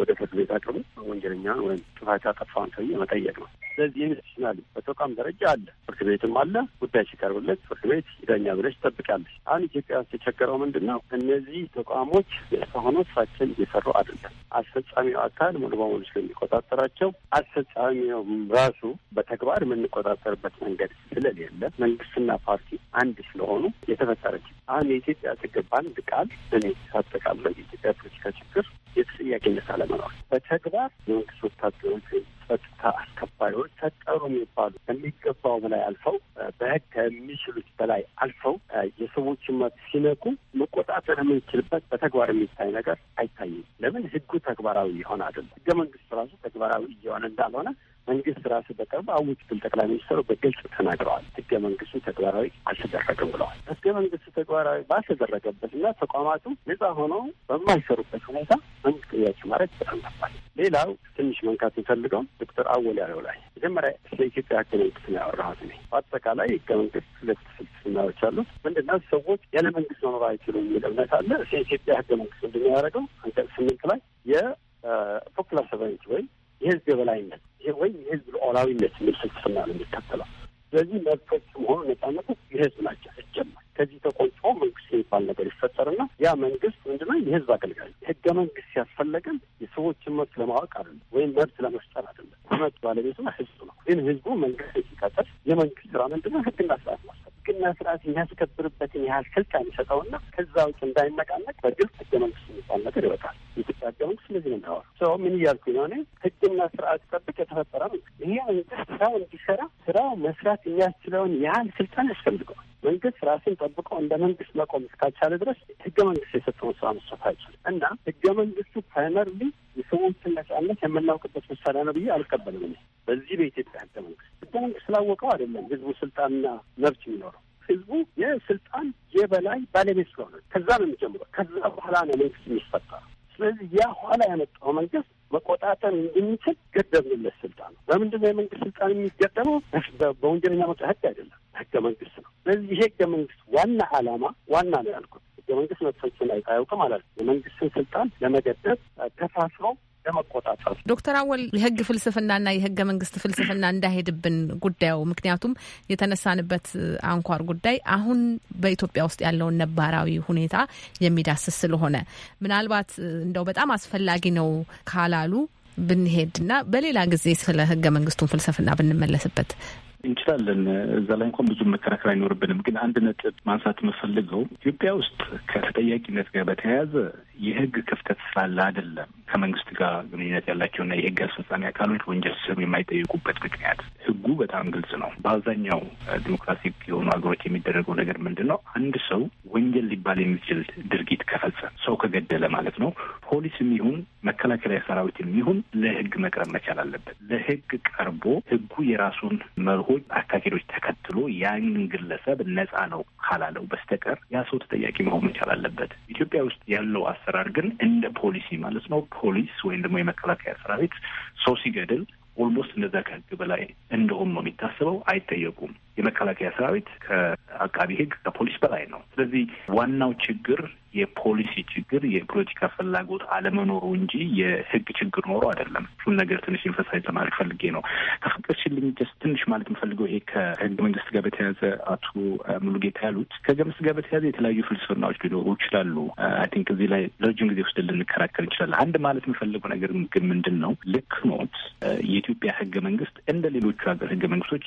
ወደ ፍርድ ቤት አቅርቡ ወንጀለኛ ወይም ጥፋት ያጠፋውን ሰውዬ መጠየቅ ነው። ስለዚህ ኢንስቲትሽናል በተቋም ደረጃ አለ፣ ፍርድ ቤትም አለ። ጉዳይ ሲቀርብለት ፍርድ ቤት ይዳኛ ብለች ትጠብቃለች። አሁን ኢትዮጵያ የተቸገረው ምንድን ነው? እነዚህ ተቋሞች ሆኖ ስራችን እየሰሩ አይደለም። አስፈጻሚው አካል ሙሉ በሙሉ ስለሚቆጣጠራቸው አስፈጻሚውም ራሱ በተግባር የምንቆጣጠርበት መንገድ ስለሌለ መንግስትና ፓርቲ አንድ ስለሆኑ የተፈጠረች አሁን የኢትዮጵያ ችግር በአንድ ቃል እኔ አጠቃላይ የኢትዮጵያ ፖለቲካ ችግር የተጠያቂነት አለመኖር በተግባር የመንግስት ወታደሮች ጸጥታ አስከባሪዎች ተጠሩ የሚባሉ ከሚገባው በላይ አልፈው በህግ ከሚችሉት በላይ አልፈው የሰዎችን መብት ሲነቁ መቆጣጠር የምንችልበት በተግባር የሚታይ ነገር አይታይም። ለምን ህጉ ተግባራዊ የሆነ አይደለም። ህገ መንግስቱ ራሱ ተግባራዊ እየሆነ እንዳልሆነ መንግስት ራሱ በቅርብ አውጅቷል። ጠቅላይ ሚኒስትሩ በግልጽ ተናግረዋል። ህገ መንግስቱ ተግባራዊ አልተደረገም ብለዋል። ህገ መንግስቱ ተግባራዊ ባልተደረገበትና ተቋማቱ ነጻ ሆኖ በማይሰሩበት ሁኔታ አንድ ጥያቄ ማድረግ በጣም ነባል። ሌላው ትንሽ መንካት የምፈልገው ዶክተር አወል ያለው ላይ መጀመሪያ ስለ ኢትዮጵያ ህገ መንግስት ነው ያወራሁት እኔ። በአጠቃላይ ህገ መንግስት ሁለት ስልትናዎች አሉት። ምንድነው ሰዎች ያለ መንግስት መኖር አይችሉም የሚል እምነት አለ። ስለ ኢትዮጵያ ህገ መንግስት እንደሚያደርገው አንቀጽ ስምንት ላይ የፖፑላር ሰቨንቲ ወይም የህዝብ የበላይነት ግን የህዝብ ሉዓላዊነት የሚል ፍልስፍና ነው የሚከተለው። ስለዚህ መብቶች መሆኑ ነጻነቶች የህዝብ ናቸው። ይጀማል ከዚህ ተቆንጮ መንግስት የሚባል ነገር ይፈጠርና ያ መንግስት ምንድነው? የህዝብ አገልጋይ። ህገ መንግስት ሲያስፈለገን የሰዎችን መብት ለማወቅ አይደለም ወይም መብት ለመፍጠር አይደለም። መብት ባለቤቱ ህዝቡ ነው። ግን ህዝቡ መንግስት ሲቀጥር የመንግስት ስራ ምንድነው? ህግና ስርዓት ማስከበር ህግና ስርዓት የሚያስከብርበትን ያህል ስልጣን ይሰጠውና ከዛ ውጭ እንዳይነቃነቅ በግልጽ ህገ መንግስት የሚባል ነገር ይወጣል። ኢትዮጵያ ህገ መንግስት እንደዚህ ነው የሚያወራው ሰው ምን እያልኩ ነው? እኔ ህግና ስርዓት ጠብቅ የተፈጠረ ነው። ይሄ መንግስት ስራው እንዲሰራ ስራው መስራት የሚያስችለውን ያህል ስልጣን ያስፈልገዋል። መንግስት ራሱን ጠብቆ እንደ መንግስት መቆም እስካልቻለ ድረስ ህገ መንግስት የሰጠውን ስራ መስራት አይችልም እና ህገ መንግስቱ ፕራይመርሊ የሰዎችን ነጻነት የምናውቅበት መሳሪያ ነው ብዬ አልቀበልም። እኔ በዚህ በኢትዮጵያ ህገ መንግስት ህገ መንግስት ስላወቀው አይደለም ህዝቡ ስልጣንና መብት የሚኖረው ህዝቡ የስልጣን የበላይ ባለቤት ስለሆነ ከዛ ነው የሚጀምረው። ከዛ በኋላ ነው መንግስት የሚፈጠረው። ስለዚህ ያ ኋላ ያመጣው መንግስት መቆጣጠር እንድንችል ገደብንለት ስልጣን ነው። በምንድን ነው የመንግስት ስልጣን የሚገደበው? በወንጀለኛ መቅጫ ህግ አይደለም፣ ህገ መንግስት ነው። ስለዚህ ይሄ ህገ መንግስት ዋና አላማ ዋና ነው ያልኩት ህገ መንግስት ላይ አያውቅም ማለት የመንግስትን ስልጣን ለመገደብ ከፋፍሎ ለመቆጣጠር። ዶክተር አወል የህግ ፍልስፍናና የህገ መንግስት ፍልስፍና እንዳይሄድብን ጉዳዩ ምክንያቱም የተነሳንበት አንኳር ጉዳይ አሁን በኢትዮጵያ ውስጥ ያለውን ነባራዊ ሁኔታ የሚዳስስ ስለሆነ ምናልባት እንደው በጣም አስፈላጊ ነው ካላሉ ብንሄድና በሌላ ጊዜ ስለ ህገ መንግስቱን ፍልስፍና ብንመለስበት እንችላለን። እዛ ላይ እንኳን ብዙ መከራከር አይኖርብንም። ግን አንድ ነጥብ ማንሳት የምፈልገው ኢትዮጵያ ውስጥ ከተጠያቂነት ጋር በተያያዘ የህግ ክፍተት ስላለ አይደለም ከመንግስት ጋር ግንኙነት ያላቸውና የህግ አስፈጻሚ አካሎች ወንጀል ስር የማይጠይቁበት ምክንያት ህጉ በጣም ግልጽ ነው። በአብዛኛው ዲሞክራሲ የሆኑ ሀገሮች የሚደረገው ነገር ምንድን ነው? አንድ ሰው ወንጀል ሊባል የሚችል ድርጊት ከፈጸመ ሰው ከገደለ ማለት ነው ፖሊስ የሚሆን መከላከያ ሰራዊት የሚሆን ለህግ መቅረብ መቻል አለበት። ለህግ ቀርቦ ህጉ የራሱን መርሆች፣ አካሄዶች ተከትሎ ያንን ግለሰብ ነፃ ነው ካላለው በስተቀር ያ ሰው ተጠያቂ መሆን መቻል አለበት። ኢትዮጵያ ውስጥ ያለው አሰራር ግን እንደ ፖሊሲ ማለት ነው። ፖሊስ ወይም ደግሞ የመከላከያ ሰራዊት ሰው ሲገድል ኦልሞስት እንደዛ ከህግ በላይ እንደሆን ነው የሚታሰበው። አይጠየቁም። የመከላከያ ሰራዊት ከአቃቢ ህግ ከፖሊስ በላይ ነው። ስለዚህ ዋናው ችግር የፖሊሲ ችግር የፖለቲካ ፍላጎት አለመኖሩ እንጂ የህግ ችግር ኖሮ አይደለም። እሱን ነገር ትንሽ ኢንፈሳይዝ ለማድረግ ፈልጌ ነው። ከፈቀድሽልኝ ጀስት ትንሽ ማለት የምፈልገው ይሄ ከህገ መንግስት ጋር በተያያዘ አቶ ሙሉጌታ ያሉት ከህገ መንግስት ጋር በተያያዘ የተለያዩ ፍልስፍናዎች ሊኖሩ ይችላሉ። አይ ቲንክ እዚህ ላይ ለረጅም ጊዜ ውስጥ ልንከራከር እንችላለን። አንድ ማለት የምፈልገው ነገር ግን ምንድን ነው ልክ ኖት የኢትዮጵያ ህገ መንግስት እንደ ሌሎቹ ሀገር ህገ መንግስቶች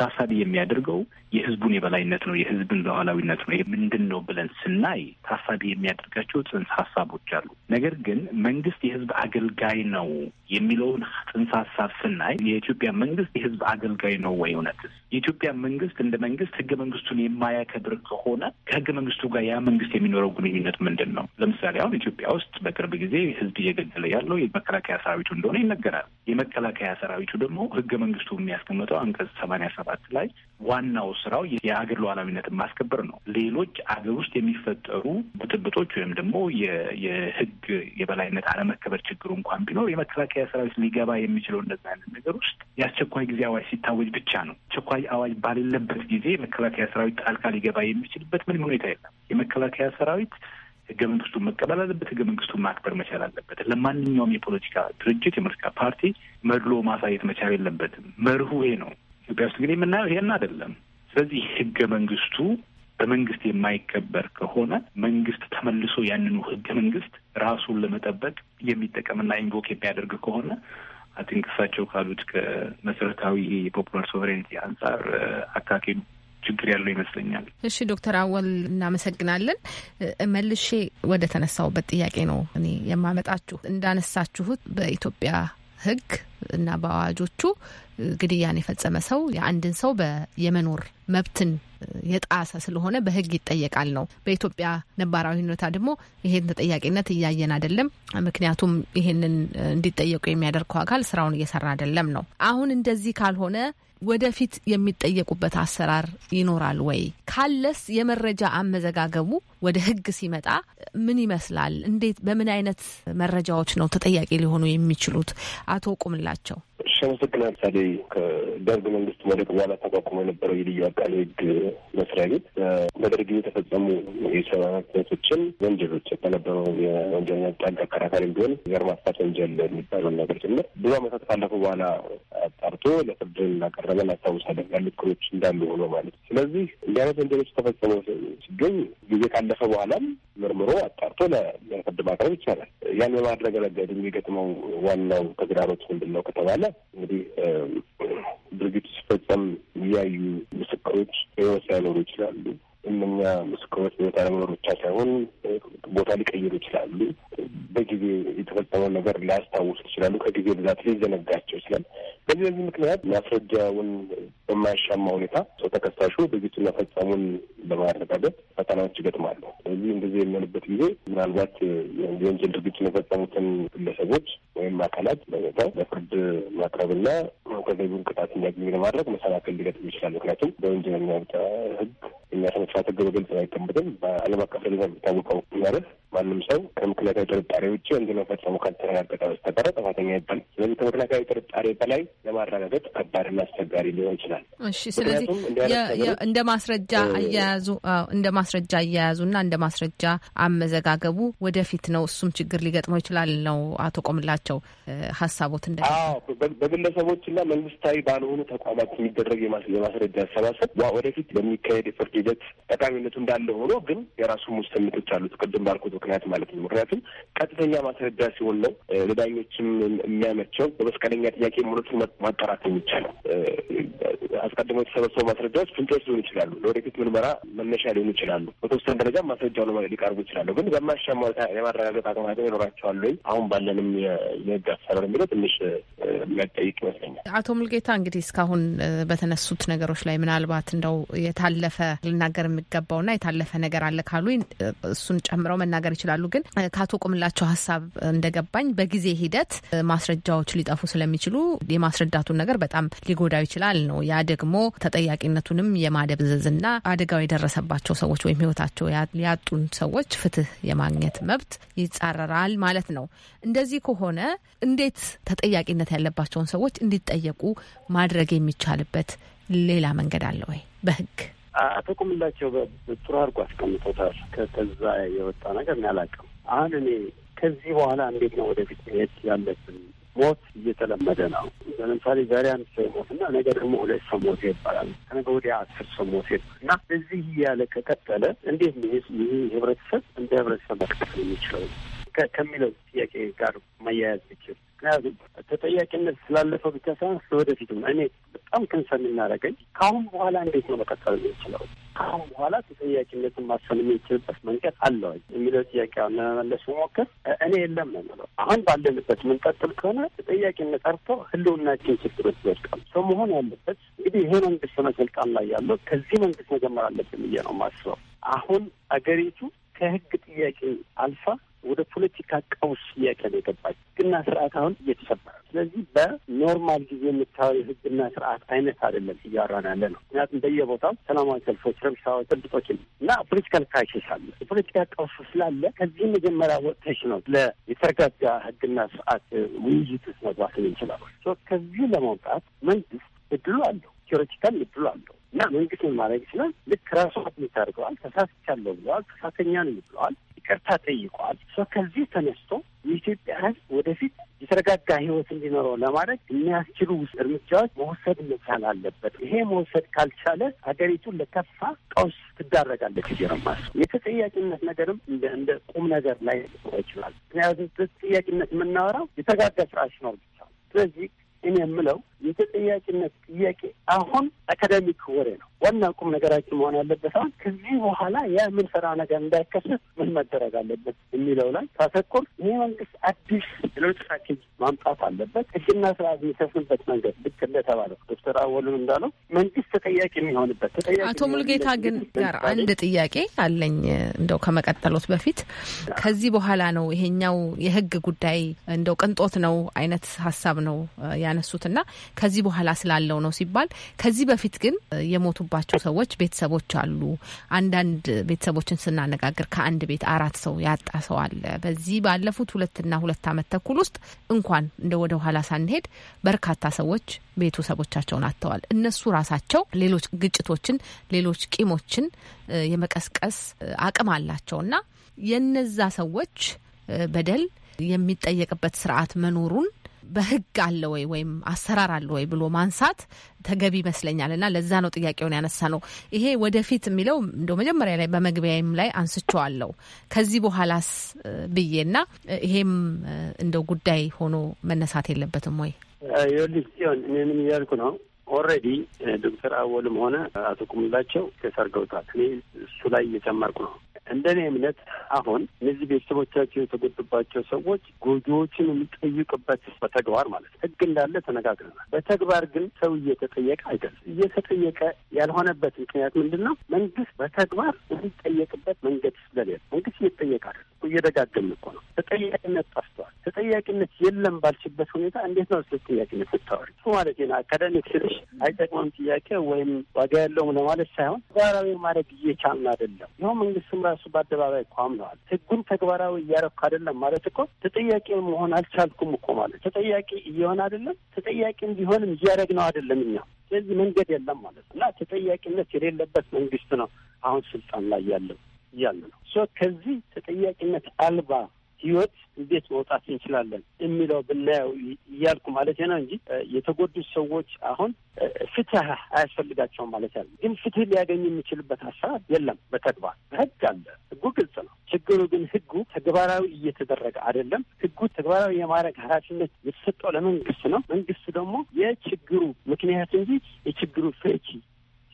ታሳቢ የሚያደርገው የህዝቡን የበላይነት ነው፣ የህዝብን ሉዓላዊነት ነው። ይህ ምንድን ነው ብለን ስናይ ታሳቢ የሚያደርጋቸው ጽንሰ ሀሳቦች አሉ። ነገር ግን መንግስት የህዝብ አገልጋይ ነው የሚለውን ጽንሰ ሀሳብ ስናይ የኢትዮጵያ መንግስት የህዝብ አገልጋይ ነው ወይ? እውነትስ የኢትዮጵያ መንግስት እንደ መንግስት ህገ መንግስቱን የማያከብር ከሆነ ከህገ መንግስቱ ጋር ያ መንግስት የሚኖረው ግንኙነት ምንድን ነው? ለምሳሌ አሁን ኢትዮጵያ ውስጥ በቅርብ ጊዜ ህዝብ እየገደለ ያለው የመከላከያ ሰራዊቱ እንደሆነ ይነገራል። የመከላከያ ሰራዊቱ ደግሞ ህገ መንግስቱ የሚያስቀምጠው አንቀጽ ሰማንያ ሰባት ሰባት ላይ ዋናው ስራው የአገር ሉዓላዊነትን ማስከበር ነው። ሌሎች አገር ውስጥ የሚፈጠሩ ብጥብጦች ወይም ደግሞ የህግ የበላይነት አለመከበር ችግሩ እንኳን ቢኖር የመከላከያ ሰራዊት ሊገባ የሚችለው እንደዚ አይነት ነገር ውስጥ የአስቸኳይ ጊዜ አዋጅ ሲታወጅ ብቻ ነው። አስቸኳይ አዋጅ ባሌለበት ጊዜ የመከላከያ ሰራዊት ጣልቃ ሊገባ የሚችልበት ምንም ሁኔታ የለም። የመከላከያ ሰራዊት ህገ መንግስቱን መቀበል አለበት። ህገ መንግስቱን ማክበር መቻል አለበት። ለማንኛውም የፖለቲካ ድርጅት የፖለቲካ ፓርቲ መድሎ ማሳየት መቻል የለበትም። መርሁ ይሄ ነው። ኢትዮጵያ ውስጥ ግን የምናየው ይሄን አይደለም። ስለዚህ ህገ መንግስቱ በመንግስት የማይከበር ከሆነ መንግስት ተመልሶ ያንኑ ህገ መንግስት ራሱን ለመጠበቅ የሚጠቀምና ኢንቮክ የሚያደርግ ከሆነ አትንቅሳቸው ካሉት ከመሰረታዊ የፖፑላር ሶቨሬኒቲ አንጻር አካኪ ችግር ያለው ይመስለኛል። እሺ ዶክተር አወል እናመሰግናለን። መልሼ ወደ ተነሳውበት ጥያቄ ነው እኔ የማመጣችሁ። እንዳነሳችሁት በኢትዮጵያ ህግ እና በአዋጆቹ ግድያን የፈጸመ ሰው የአንድን ሰው የመኖር መብትን የጣሰ ስለሆነ በህግ ይጠየቃል ነው። በኢትዮጵያ ነባራዊ ሁኔታ ደግሞ ይሄን ተጠያቂነት እያየን አይደለም። ምክንያቱም ይሄንን እንዲጠየቁ የሚያደርገው አካል ስራውን እየሰራ አይደለም ነው። አሁን እንደዚህ ካልሆነ ወደፊት የሚጠየቁበት አሰራር ይኖራል ወይ? ካለስ የመረጃ አመዘጋገቡ ወደ ህግ ሲመጣ ምን ይመስላል? እንዴት በምን አይነት መረጃዎች ነው ተጠያቂ ሊሆኑ የሚችሉት? አቶ ቁምላቸው ሸምስግና ለምሳሌ ከደርግ መንግስት መውደቅ በኋላ ተቋቁሞ የነበረው የልዩ አቃቤ ህግ መስሪያ ቤት በደርግ የተፈጸሙ የሰብአዊ መብት ጥሰቶችን ወንጀሎች በነበረው የወንጀለኛ ጣግ አከራካሪ ቢሆን ዘር ማጥፋት ወንጀል የሚባለውን ነገር ጭምር ብዙ አመታት ካለፉ በኋላ አጣርቶ ለፍርድ እናቀረበ እናስታውሳለን ያሉት ክሮች እንዳሉ ሆኖ ማለት ስለዚህ እንዲህ አይነት ወንጀሎች ተፈጸመው ሲገኝ ጊዜ ካለ ካለፈ በኋላም ምርምሮ አጣርቶ ለፍርድ ማቅረብ ይቻላል። ያን በማድረግ ረገድ የሚገጥመው ዋናው ተግዳሮት ምንድን ነው ከተባለ እንግዲህ ድርጊቱ ሲፈጸም እያዩ ምስክሮች ህይወት ላይኖሩ ይችላሉ። እነኛ ምስክሮች ቦታ ለመኖር ብቻ ሳይሆን ቦታ ሊቀይሩ ይችላሉ። በጊዜ የተፈጸመው ነገር ሊያስታውሱ ይችላሉ። ከጊዜ ብዛት ሊዘነጋቸው ይችላል። በዚህ በዚህ ምክንያት ማስረጃውን በማያሻማ ሁኔታ ሰው ተከሳሹ ድርጊቱን መፈጸሙን በማረጋገጥ ፈተናዎች ይገጥማሉ። ስለዚህ እንደዚህ የሚሆንበት ጊዜ ምናልባት የወንጀል ድርጊቱን የፈጸሙትን ግለሰቦች ወይም አካላት ለፍርድ ማቅረብና ተገቢውን ቅጣት እንዲያገኝ ለማድረግ መሰናክል ሊገጥም ይችላል። ምክንያቱም በወንጀለኛ ብቻ ሕግ እኛ ስነ ስርዓት ሕግ በግልጽ አይቀምጥም። በዓለም አቀፍ ደረጃ የሚታወቀው መርህ ማንም ሰው ከምክንያታዊ ጥርጣሬ ውጭ ወንጀል መፈጸሙ ካልተረጋገጠ በስተቀር ጥፋተኛ ይባል። ስለዚህ ከምክንያታዊ ጥርጣሬ በላይ ለማረጋገጥ ከባድና አስቸጋሪ ሊሆን ይችላል። እሺ፣ ስለዚህ እንደ ማስረጃ አያያዙ እንደ ማስረጃ አያያዙ አያያዙና እንደ ማስረጃ አመዘጋገቡ ወደፊት ነው። እሱም ችግር ሊገጥመው ይችላል ነው አቶ ቆምላቸው ናቸው ሀሳቦት? እንደ በግለሰቦችና መንግስታዊ ባልሆኑ ተቋማት የሚደረግ የማስረጃ አሰባሰብ ወደፊት በሚካሄድ የፍርድ ሂደት ጠቃሚነቱ እንዳለ ሆኖ ግን የራሱ ሙስተምቶች አሉት። ቅድም ባልኩት ምክንያት ማለት ነው። ምክንያቱም ቀጥተኛ ማስረጃ ሲሆን ነው ለዳኞችም የሚያመቸው በመስቀለኛ ጥያቄ መሆኑን ማጣራት የሚቻለው። አስቀድሞ የተሰበሰቡ ማስረጃዎች ፍንጮች ሊሆኑ ይችላሉ፣ ለወደፊት ምርመራ መነሻ ሊሆኑ ይችላሉ። በተወሰነ ደረጃ ማስረጃ ሊቀርቡ ይችላሉ። ግን በማሻማ የማረጋገጥ አቅማቸው ይኖራቸዋል ወይ አሁን ባለንም የህግ አሰራር የሚለው ትንሽ የሚያጠይቅ ይመስለኛል። አቶ ሙልጌታ እንግዲህ እስካሁን በተነሱት ነገሮች ላይ ምናልባት እንደው የታለፈ ልናገር የሚገባውና የታለፈ ነገር አለ ካሉ እሱን ጨምረው መናገር ይችላሉ። ግን ከአቶ ቁምላቸው ሀሳብ እንደገባኝ በጊዜ ሂደት ማስረጃዎች ሊጠፉ ስለሚችሉ የማስረዳቱን ነገር በጣም ሊጎዳው ይችላል ነው። ያ ደግሞ ተጠያቂነቱንም የማደብዘዝና አደጋው የደረሰባቸው ሰዎች ወይም ህይወታቸው ያጡን ሰዎች ፍትህ የማግኘት መብት ይጻረራል ማለት ነው። እንደዚህ ከሆነ ከሆነ እንዴት ተጠያቂነት ያለባቸውን ሰዎች እንዲጠየቁ ማድረግ የሚቻልበት ሌላ መንገድ አለ ወይ? በህግ አቶ ቁምላቸው ጥሩ አድርጎ አስቀምጦታል። ከዛ የወጣ ነገር እኔ አላውቅም። አሁን እኔ ከዚህ በኋላ እንዴት ነው ወደፊት መሄድ ያለብን? ሞት እየተለመደ ነው። ለምሳሌ ዛሬ አንድ ሰው ሞት ሞትና ነገ ደግሞ ሁለት ሰው ሞት ይባላል። ከነገ ወዲያ አስር ሰው ሞት እና እዚህ እያለ ከቀጠለ እንዴት ይህ ህብረተሰብ እንደ ህብረተሰብ መቀጠል የሚችለው ከሚለው ጥያቄ ጋር መያያዝ ይችል። ምክንያቱም ተጠያቂነት ስላለፈው ብቻ ሳይሆን ስለወደፊቱም እኔ በጣም ክንሰን የምናደርገኝ ከአሁን በኋላ እንዴት ነው መቀጠል የሚችለው ከአሁን በኋላ ተጠያቂነትን ማስፈን የሚችልበት መንገድ አለ የሚለው ጥያቄ ለመመለስ መሞከር እኔ የለም ነው የምለው። አሁን ባለንበት የምንቀጥል ከሆነ ተጠያቂነት አርቶ ህልውናችን ችግር ይወድቃል። ሰው መሆን ያለበት እንግዲህ ይሄ መንግስት በስልጣን ላይ ያለው ከዚህ መንግስት መጀመር አለብን ብዬ ነው የማስበው። አሁን አገሪቱ ከህግ ጥያቄ አልፋ ወደ ፖለቲካ ቀውስ እያቀለ የገባች ህግና ስርዓት አሁን እየተሰበረ ስለዚህ በኖርማል ጊዜ የምታየው ህግና ስርዓት አይነት አይደለም እያወራን ያለ ነው። ምክንያቱም በየቦታው ሰላማዊ ሰልፎች፣ ረብሻዎች፣ ጥብጦች እና ፖለቲካል ክራይሲስ አለ። የፖለቲካ ቀውሱ ስላለ ከዚህ መጀመሪያ ወጥተሽ ነው ለየተረጋጋ ህግና ስርዓት ውይይት ውስጥ መግባት እንችላለን። ከዚህ ለመውጣት መንግስት እድሉ አለው፣ ቴዎሬቲካል እድሉ አለው። እና መንግስትን ማድረግ ይችላል። ልክ ራሱ አድሚት አድርገዋል። ተሳስቻለሁ ብለዋል። ተሳተኛ ነው ብለዋል። ይቅርታ ጠይቀዋል። ከዚህ ተነስቶ የኢትዮጵያ ሕዝብ ወደፊት የተረጋጋ ህይወት እንዲኖረው ለማድረግ የሚያስችሉ እርምጃዎች መውሰድ መቻል አለበት። ይሄ መውሰድ ካልቻለ ሀገሪቱን ለከፋ ቀውስ ትዳረጋለች ጀረማስ የተጠያቂነት ነገርም እንደ ቁም ነገር ላይ ይችላል። ምክንያቱም ተጠያቂነት የምናወራው የተረጋጋ ስራ ሲኖር ብቻ። ስለዚህ እኔ የምለው የተጠያቂነት ጥያቄ አሁን አካዳሚክ ወሬ ነው። ዋና ቁም ነገራችን መሆን ያለበት አሁን ከዚህ በኋላ ያ ምን ስራ ነገር እንዳይከሰት ምን መደረግ አለበት የሚለው ላይ ታተኩር። ይህ መንግስት አዲስ ለውጥ ፓኬጅ ማምጣት አለበት። ህግና ስርዓት የሚሰፍንበት መንገድ ልክ እንደተባለው ዶክተር አወሉን እንዳለው መንግስት ተጠያቂ የሚሆንበት ተጠያቂ አቶ ሙልጌታ ግን ጋር አንድ ጥያቄ አለኝ እንደው ከመቀጠሎት በፊት ከዚህ በኋላ ነው ይሄኛው የህግ ጉዳይ እንደው ቅንጦት ነው አይነት ሀሳብ ነው ያነሱትና ከዚህ በኋላ ስላለው ነው ሲባል ከዚህ በፊት ግን የሞቱባቸው ሰዎች ቤተሰቦች አሉ። አንዳንድ ቤተሰቦችን ስናነጋግር ከአንድ ቤት አራት ሰው ያጣ ሰው አለ። በዚህ ባለፉት ሁለትና ሁለት ዓመት ተኩል ውስጥ እንኳን እንደ ወደ ኋላ ሳንሄድ በርካታ ሰዎች ቤተሰቦቻቸውን አጥተዋል። እነሱ ራሳቸው ሌሎች ግጭቶችን፣ ሌሎች ቂሞችን የመቀስቀስ አቅም እና የነዛ ሰዎች በደል የሚጠየቅበት ስርዓት መኖሩን በህግ አለ ወይ ወይም አሰራር አለ ወይ ብሎ ማንሳት ተገቢ ይመስለኛል። እና ለዛ ነው ጥያቄውን ያነሳ ነው። ይሄ ወደፊት የሚለው እንደ መጀመሪያ ላይ በመግቢያም ላይ አንስቼዋለሁ። ከዚህ በኋላስ ብዬ ብዬና ይሄም እንደ ጉዳይ ሆኖ መነሳት የለበትም ወይ ይኸውልሽ ሲሆን እኔ ምን እያልኩ ነው ኦልሬዲ ዶክተር አወልም ሆነ አቶ ቁምላቸው ተሰርገውታል። እኔ እሱ ላይ እየጨመርኩ ነው። እንደ እኔ እምነት አሁን እነዚህ ቤተሰቦቻቸው የተጎዱባቸው ሰዎች ጎጆዎችን የሚጠይቅበት በተግባር ማለት ነው ህግ እንዳለ ተነጋግረናል። በተግባር ግን ሰው እየተጠየቀ አይደለም። እየተጠየቀ ያልሆነበት ምክንያት ምንድን ነው? መንግስት በተግባር የሚጠየቅበት መንገድ ስለሌለ መንግስት እየተጠየቀ አይደለም። እየደጋገም እኮ ነው። ተጠያቂነት ጠፍቷል። ተጠያቂነት የለም ባልችበት ሁኔታ እንዴት ነው ስለተጠያቂነት ስታወሪ? እሱ ማለት ነው አካዳሚክ ስልሽ አይጠቅመም ጥያቄ ወይም ዋጋ ያለውም ለማለት ሳይሆን ተግባራዊ ማድረግ እየቻልን አይደለም። ይኸው መንግስትም ራሱ ራሱ በአደባባይ እኮ አምነዋል። ህጉን ተግባራዊ እያረኩ አይደለም ማለት እኮ ተጠያቂ መሆን አልቻልኩም እኮ ማለት ተጠያቂ እየሆን አይደለም ተጠያቂ እንዲሆንም ነው አይደለም እኛ። ስለዚህ መንገድ የለም ማለት እና ተጠያቂነት የሌለበት መንግስት ነው አሁን ስልጣን ላይ ያለው እያለ ነው። ከዚህ ተጠያቂነት አልባ ህይወት እንዴት መውጣት እንችላለን የሚለው ብናየው እያልኩ ማለት ነው እንጂ የተጎዱት ሰዎች አሁን ፍትህ አያስፈልጋቸውም ማለት ያለ ግን ፍትህ ሊያገኝ የሚችልበት ሀሳብ የለም። በተግባር ህግ አለ፣ ህጉ ግልጽ ነው። ችግሩ ግን ህጉ ተግባራዊ እየተደረገ አይደለም። ህጉ ተግባራዊ የማድረግ ኃላፊነት የተሰጠው ለመንግስት ነው። መንግስት ደግሞ የችግሩ ምክንያት እንጂ የችግሩ ፍቺ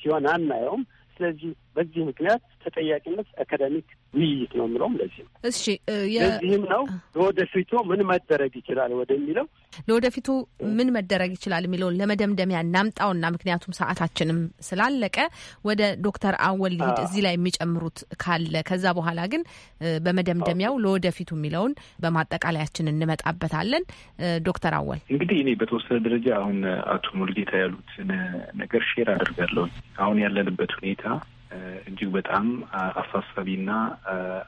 ሲሆን አናየውም። ስለዚህ በዚህ ምክንያት ተጠያቂነት አካዳሚክ ውይይት ነው የምለውም ለዚህ ነው። እሺ ለዚህም ነው ለወደፊቱ ምን መደረግ ይችላል ወደሚለው ለወደፊቱ ምን መደረግ ይችላል የሚለውን ለመደምደሚያ እናምጣውና ምክንያቱም ሰዓታችንም ስላለቀ ወደ ዶክተር አወል ሊሂድ እዚህ ላይ የሚጨምሩት ካለ ከዛ በኋላ ግን በመደምደሚያው ለወደፊቱ የሚለውን በማጠቃለያችን እንመጣበታለን። ዶክተር አወል እንግዲህ እኔ በተወሰነ ደረጃ አሁን አቶ ሙልጌታ ያሉትን ነገር ሼር አድርጋለሁ። አሁን ያለንበት ሁኔታ እጅግ በጣም አሳሳቢና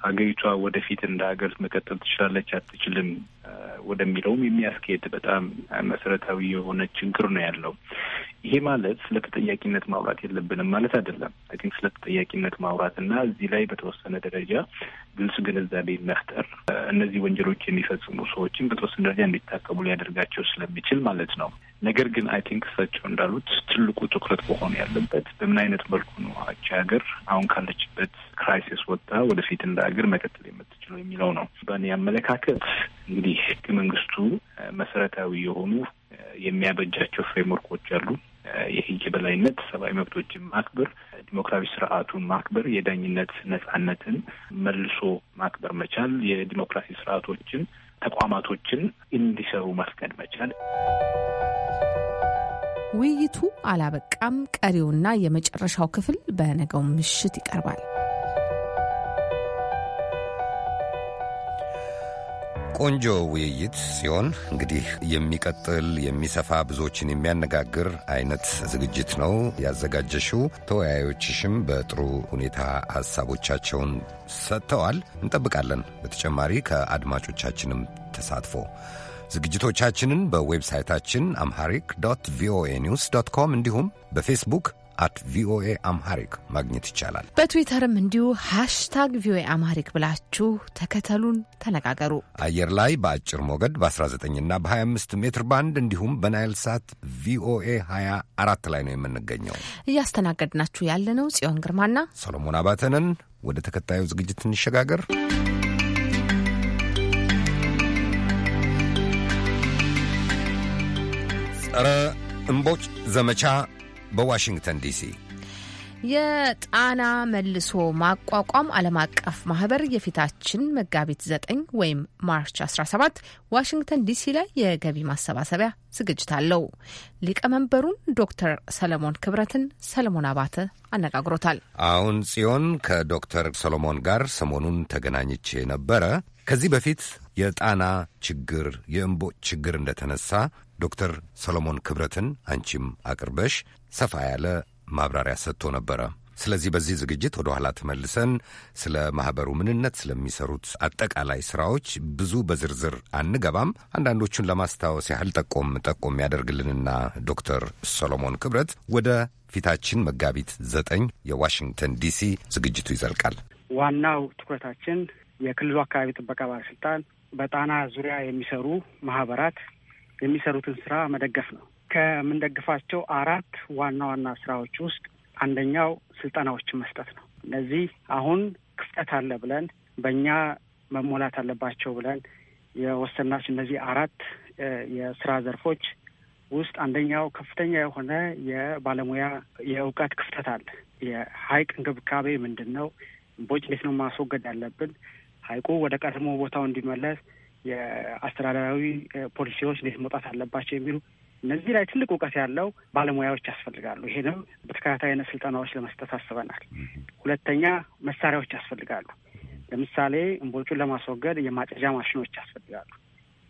አገሪቷ ወደፊት እንደ ሀገር መቀጠል ትችላለች አትችልም ወደሚለውም የሚያስኬድ በጣም መሰረታዊ የሆነ ችግር ነው ያለው። ይሄ ማለት ስለ ተጠያቂነት ማውራት የለብንም ማለት አይደለም። አይ ቲንክ ስለ ተጠያቂነት ማውራት እና እዚህ ላይ በተወሰነ ደረጃ ግልጽ ግንዛቤ መፍጠር እነዚህ ወንጀሎች የሚፈጽሙ ሰዎችን በተወሰነ ደረጃ እንዲታቀቡ ሊያደርጋቸው ስለሚችል ማለት ነው። ነገር ግን አይ ቲንክ እሳቸው እንዳሉት ትልቁ ትኩረት መሆን ያለበት በምን አይነት መልኩ ነው አቺ ሀገር አሁን ካለችበት ክራይሲስ ወጣ ወደፊት እንደ ሀገር መቀጠል የምትችለው የሚለው ነው። በእኔ አመለካከት እንግዲህ ህገ መንግስቱ መሰረታዊ የሆኑ የሚያበጃቸው ፍሬምወርኮች አሉ። የህግ የበላይነት፣ ሰብአዊ መብቶችን ማክበር፣ ዲሞክራዊ ስርዓቱን ማክበር፣ የዳኝነት ነጻነትን መልሶ ማክበር መቻል፣ የዲሞክራሲ ስርዓቶችን ተቋማቶችን እንዲሰሩ መፍቀድ መቻል። ውይይቱ አላበቃም። ቀሪውና የመጨረሻው ክፍል በነገው ምሽት ይቀርባል። ቆንጆ ውይይት ሲሆን እንግዲህ የሚቀጥል የሚሰፋ ብዙዎችን የሚያነጋግር አይነት ዝግጅት ነው ያዘጋጀሽው። ተወያዮችሽም በጥሩ ሁኔታ ሀሳቦቻቸውን ሰጥተዋል። እንጠብቃለን በተጨማሪ ከአድማጮቻችንም ተሳትፎ ዝግጅቶቻችንን በዌብሳይታችን አምሃሪክ ዶት ቪኦኤ ኒውስ ዶት ኮም እንዲሁም በፌስቡክ አት ቪኦኤ አምሃሪክ ማግኘት ይቻላል። በትዊተርም እንዲሁ ሃሽታግ ቪኦኤ አምሃሪክ ብላችሁ ተከተሉን፣ ተነጋገሩ። አየር ላይ በአጭር ሞገድ በ19ና በ25 ሜትር ባንድ እንዲሁም በናይል ሳት ቪኦኤ 24 ላይ ነው የምንገኘው። እያስተናገድናችሁ ያለነው ጽዮን ግርማና ሰሎሞን አባተንን። ወደ ተከታዩ ዝግጅት እንሸጋገር። ጸረ እምቦጭ ዘመቻ በዋሽንግተን ዲሲ የጣና መልሶ ማቋቋም ዓለም አቀፍ ማህበር የፊታችን መጋቢት 9 ወይም ማርች 17 ዋሽንግተን ዲሲ ላይ የገቢ ማሰባሰቢያ ዝግጅት አለው። ሊቀመንበሩን ዶክተር ሰለሞን ክብረትን ሰለሞን አባተ አነጋግሮታል። አሁን ጽዮን ከዶክተር ሰሎሞን ጋር ሰሞኑን ተገናኝቼ ነበረ። ከዚህ በፊት የጣና ችግር የእንቦጭ ችግር እንደተነሳ ዶክተር ሰሎሞን ክብረትን አንቺም አቅርበሽ ሰፋ ያለ ማብራሪያ ሰጥቶ ነበረ። ስለዚህ በዚህ ዝግጅት ወደ ኋላ ተመልሰን ስለ ማኅበሩ ምንነት ስለሚሰሩት አጠቃላይ ስራዎች ብዙ በዝርዝር አንገባም። አንዳንዶቹን ለማስታወስ ያህል ጠቆም ጠቆም ያደርግልንና ዶክተር ሶሎሞን ክብረት ወደ ፊታችን መጋቢት ዘጠኝ የዋሽንግተን ዲሲ ዝግጅቱ ይዘልቃል። ዋናው ትኩረታችን የክልሉ አካባቢ ጥበቃ ባለስልጣን በጣና ዙሪያ የሚሰሩ ማህበራት የሚሰሩትን ስራ መደገፍ ነው። ከምንደግፋቸው አራት ዋና ዋና ስራዎች ውስጥ አንደኛው ስልጠናዎችን መስጠት ነው። እነዚህ አሁን ክፍተት አለ ብለን በእኛ መሞላት አለባቸው ብለን የወሰናቸው እነዚህ አራት የስራ ዘርፎች ውስጥ አንደኛው ከፍተኛ የሆነ የባለሙያ የእውቀት ክፍተት አለ። የሀይቅ እንክብካቤ ምንድን ነው? እምቦጭ እንዴት ነው ማስወገድ ያለብን? ሀይቁ ወደ ቀድሞ ቦታው እንዲመለስ የአስተዳደራዊ ፖሊሲዎች እንዴት መውጣት አለባቸው የሚሉ እነዚህ ላይ ትልቅ እውቀት ያለው ባለሙያዎች ያስፈልጋሉ። ይሄንም በተከታታይ አይነት ስልጠናዎች ለመስጠት አስበናል። ሁለተኛ መሳሪያዎች ያስፈልጋሉ። ለምሳሌ እምቦጩን ለማስወገድ የማጨጃ ማሽኖች ያስፈልጋሉ።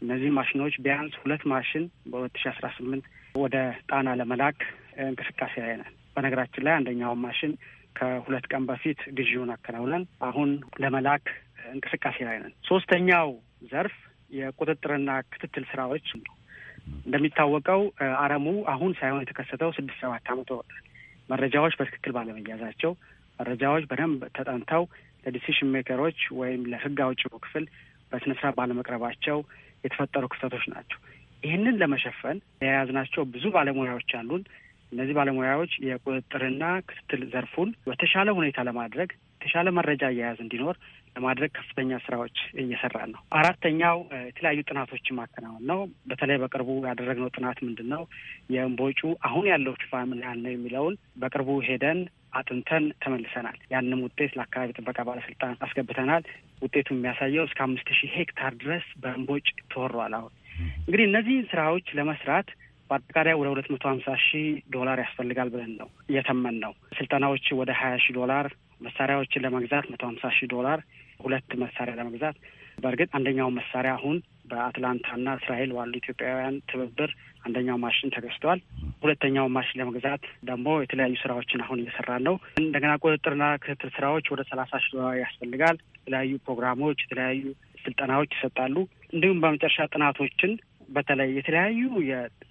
እነዚህ ማሽኖች ቢያንስ ሁለት ማሽን በሁለት ሺ አስራ ስምንት ወደ ጣና ለመላክ እንቅስቃሴ ላይ ነን። በነገራችን ላይ አንደኛውን ማሽን ከሁለት ቀን በፊት ግዢውን አከናውነን አሁን ለመላክ እንቅስቃሴ ላይ ነን። ሶስተኛው ዘርፍ የቁጥጥርና ክትትል ስራዎች እንደሚታወቀው አረሙ አሁን ሳይሆን የተከሰተው ስድስት ሰባት አመት ወጣል። መረጃዎች በትክክል ባለመያዛቸው መረጃዎች በደንብ ተጠንተው ለዲሲሽን ሜከሮች ወይም ለህግ አውጭው ክፍል በስነ ስርዓት ባለመቅረባቸው የተፈጠሩ ክስተቶች ናቸው። ይህንን ለመሸፈን የያዝናቸው ብዙ ባለሙያዎች አሉን። እነዚህ ባለሙያዎች የቁጥጥርና ክትትል ዘርፉን በተሻለ ሁኔታ ለማድረግ የተሻለ መረጃ አያያዝ እንዲኖር ለማድረግ ከፍተኛ ስራዎች እየሰራን ነው። አራተኛው የተለያዩ ጥናቶችን ማከናወን ነው። በተለይ በቅርቡ ያደረግነው ጥናት ምንድን ነው የእምቦጩ አሁን ያለው ሽፋ ምን ያህል ነው የሚለውን በቅርቡ ሄደን አጥንተን ተመልሰናል። ያንም ውጤት ለአካባቢ ጥበቃ ባለስልጣን አስገብተናል። ውጤቱ የሚያሳየው እስከ አምስት ሺህ ሄክታር ድረስ በእንቦጭ ተወሯል። አሁን እንግዲህ እነዚህን ስራዎች ለመስራት በአጠቃላይ ወደ ሁለት መቶ ሀምሳ ሺህ ዶላር ያስፈልጋል ብለን ነው እየተመን ነው። ስልጠናዎች ወደ ሀያ ሺህ ዶላር፣ መሳሪያዎችን ለመግዛት መቶ ሀምሳ ሺህ ዶላር፣ ሁለት መሳሪያ ለመግዛት በእርግጥ አንደኛው መሳሪያ አሁን በአትላንታና እስራኤል ባሉ ኢትዮጵያውያን ትብብር አንደኛው ማሽን ተገዝቷል። ሁለተኛው ማሽን ለመግዛት ደግሞ የተለያዩ ስራዎችን አሁን እየሰራን ነው። እንደገና ቁጥጥርና ክትትል ስራዎች ወደ ሰላሳ ሺ ዶላር ያስፈልጋል። የተለያዩ ፕሮግራሞች፣ የተለያዩ ስልጠናዎች ይሰጣሉ። እንዲሁም በመጨረሻ ጥናቶችን በተለይ የተለያዩ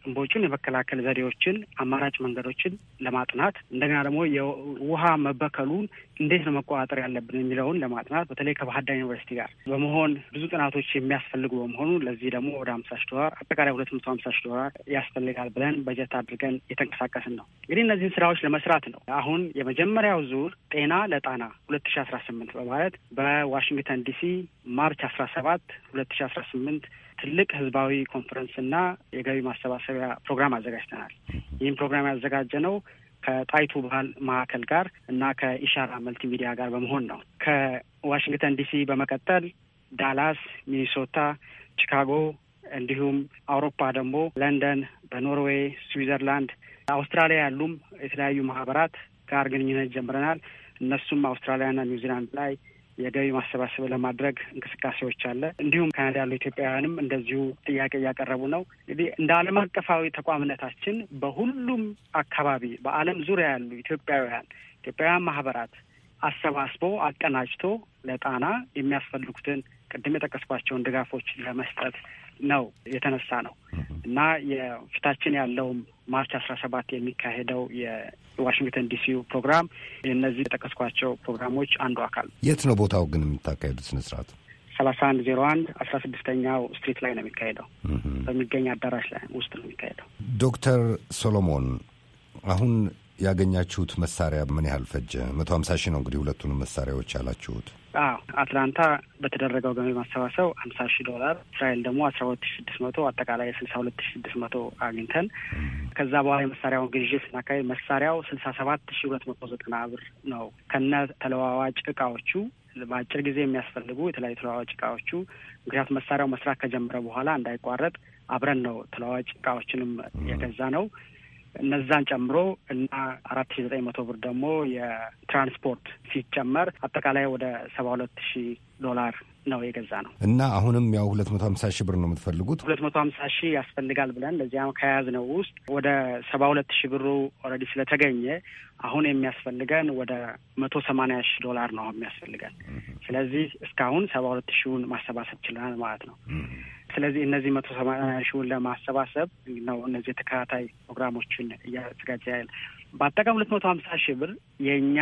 እንቦጩን የመከላከል ዘዴዎችን፣ አማራጭ መንገዶችን ለማጥናት እንደገና ደግሞ የውሃ መበከሉን እንዴት ነው መቆጣጠር ያለብን የሚለውን ለማጥናት በተለይ ከባህርዳር ዩኒቨርሲቲ ጋር በመሆን ብዙ ጥናቶች የሚያስፈልጉ በመሆኑ ለዚህ ደግሞ ወደ ሀምሳ ሺህ ዶላር አጠቃላይ ሁለት መቶ ሀምሳ ዶላር ያስፈልጋል ብለን በጀት አድርገን የተንቀሳቀስን ነው። እንግዲህ እነዚህን ስራዎች ለመስራት ነው አሁን የመጀመሪያው ዙር ጤና ለጣና ሁለት ሺ አስራ ስምንት በማለት በዋሽንግተን ዲሲ ማርች አስራ ሰባት ሁለት ሺ አስራ ስምንት ትልቅ ህዝባዊ ኮንፈረንስና የገቢ ማሰባሰቢያ ፕሮግራም አዘጋጅተናል። ይህም ፕሮግራም ያዘጋጀ ነው ከጣይቱ ባህል ማዕከል ጋር እና ከኢሻራ መልቲሚዲያ ጋር በመሆን ነው። ከዋሽንግተን ዲሲ በመቀጠል ዳላስ፣ ሚኒሶታ፣ ቺካጎ እንዲሁም አውሮፓ ደግሞ ለንደን፣ በኖርዌይ፣ ስዊዘርላንድ፣ አውስትራሊያ ያሉም የተለያዩ ማህበራት ጋር ግንኙነት ጀምረናል። እነሱም አውስትራሊያና ኒውዚላንድ ላይ የገቢ ማሰባሰብ ለማድረግ እንቅስቃሴዎች አለ። እንዲሁም ካናዳ ያሉ ኢትዮጵያውያንም እንደዚሁ ጥያቄ እያቀረቡ ነው። እንግዲህ እንደ ዓለም አቀፋዊ ተቋምነታችን በሁሉም አካባቢ በዓለም ዙሪያ ያሉ ኢትዮጵያውያን ኢትዮጵያውያን ማህበራት አሰባስቦ አቀናጅቶ ለጣና የሚያስፈልጉትን ቅድም የጠቀስኳቸውን ድጋፎች ለመስጠት ነው የተነሳ ነው እና የፊታችን ያለውም ማርች አስራ ሰባት የሚካሄደው የዋሽንግተን ዲሲው ፕሮግራም የእነዚህ የጠቀስኳቸው ፕሮግራሞች አንዱ አካል የት ነው ቦታው ግን የምታካሄዱት ስነ ስርዓት? ሰላሳ አንድ ዜሮ አንድ አስራ ስድስተኛው ስትሪት ላይ ነው የሚካሄደው በሚገኝ አዳራሽ ላይ ውስጥ ነው የሚካሄደው። ዶክተር ሶሎሞን አሁን ያገኛችሁት መሳሪያ ምን ያህል ፈጀ? መቶ ሀምሳ ሺህ ነው እንግዲህ ሁለቱንም መሳሪያዎች ያላችሁት አትላንታ በተደረገው ገንዘብ ማሰባሰብ ሀምሳ ሺህ ዶላር እስራኤል ደግሞ አስራ ሁለት ሺ ስድስት መቶ አጠቃላይ ስልሳ ሁለት ስድስት መቶ አግኝተን ከዛ በኋላ የመሳሪያውን ግዥ ስናካሄድ መሳሪያው ስልሳ ሰባት ሺ ሁለት መቶ ዘጠና ብር ነው ከነ ተለዋዋጭ እቃዎቹ በአጭር ጊዜ የሚያስፈልጉ የተለያዩ ተለዋዋጭ እቃዎቹ ምክንያቱ መሳሪያው መስራት ከጀመረ በኋላ እንዳይቋረጥ አብረን ነው ተለዋዋጭ እቃዎችንም የገዛ ነው። እነዛን ጨምሮ እና አራት ሺ ዘጠኝ መቶ ብር ደግሞ የትራንስፖርት ሲጨመር አጠቃላይ ወደ ሰባ ሁለት ሺ ዶላር ነው የገዛ ነው እና አሁንም ያው ሁለት መቶ ሀምሳ ሺህ ብር ነው የምትፈልጉት። ሁለት መቶ ሀምሳ ሺህ ያስፈልጋል ብለን ለዚያ ከያዝነው ውስጥ ወደ ሰባ ሁለት ሺህ ብሩ ኦልሬዲ ስለተገኘ አሁን የሚያስፈልገን ወደ መቶ ሰማንያ ሺህ ዶላር ነው የሚያስፈልገን። ስለዚህ እስካሁን ሰባ ሁለት ሺውን ማሰባሰብ ችለናል ማለት ነው። ስለዚህ እነዚህ መቶ ሰማንያ ሺውን ለማሰባሰብ ነው እነዚህ የተከታታይ ፕሮግራሞችን እያዘጋጀ ያል በአጠቃላይ ሁለት መቶ ሀምሳ ሺህ ብር የእኛ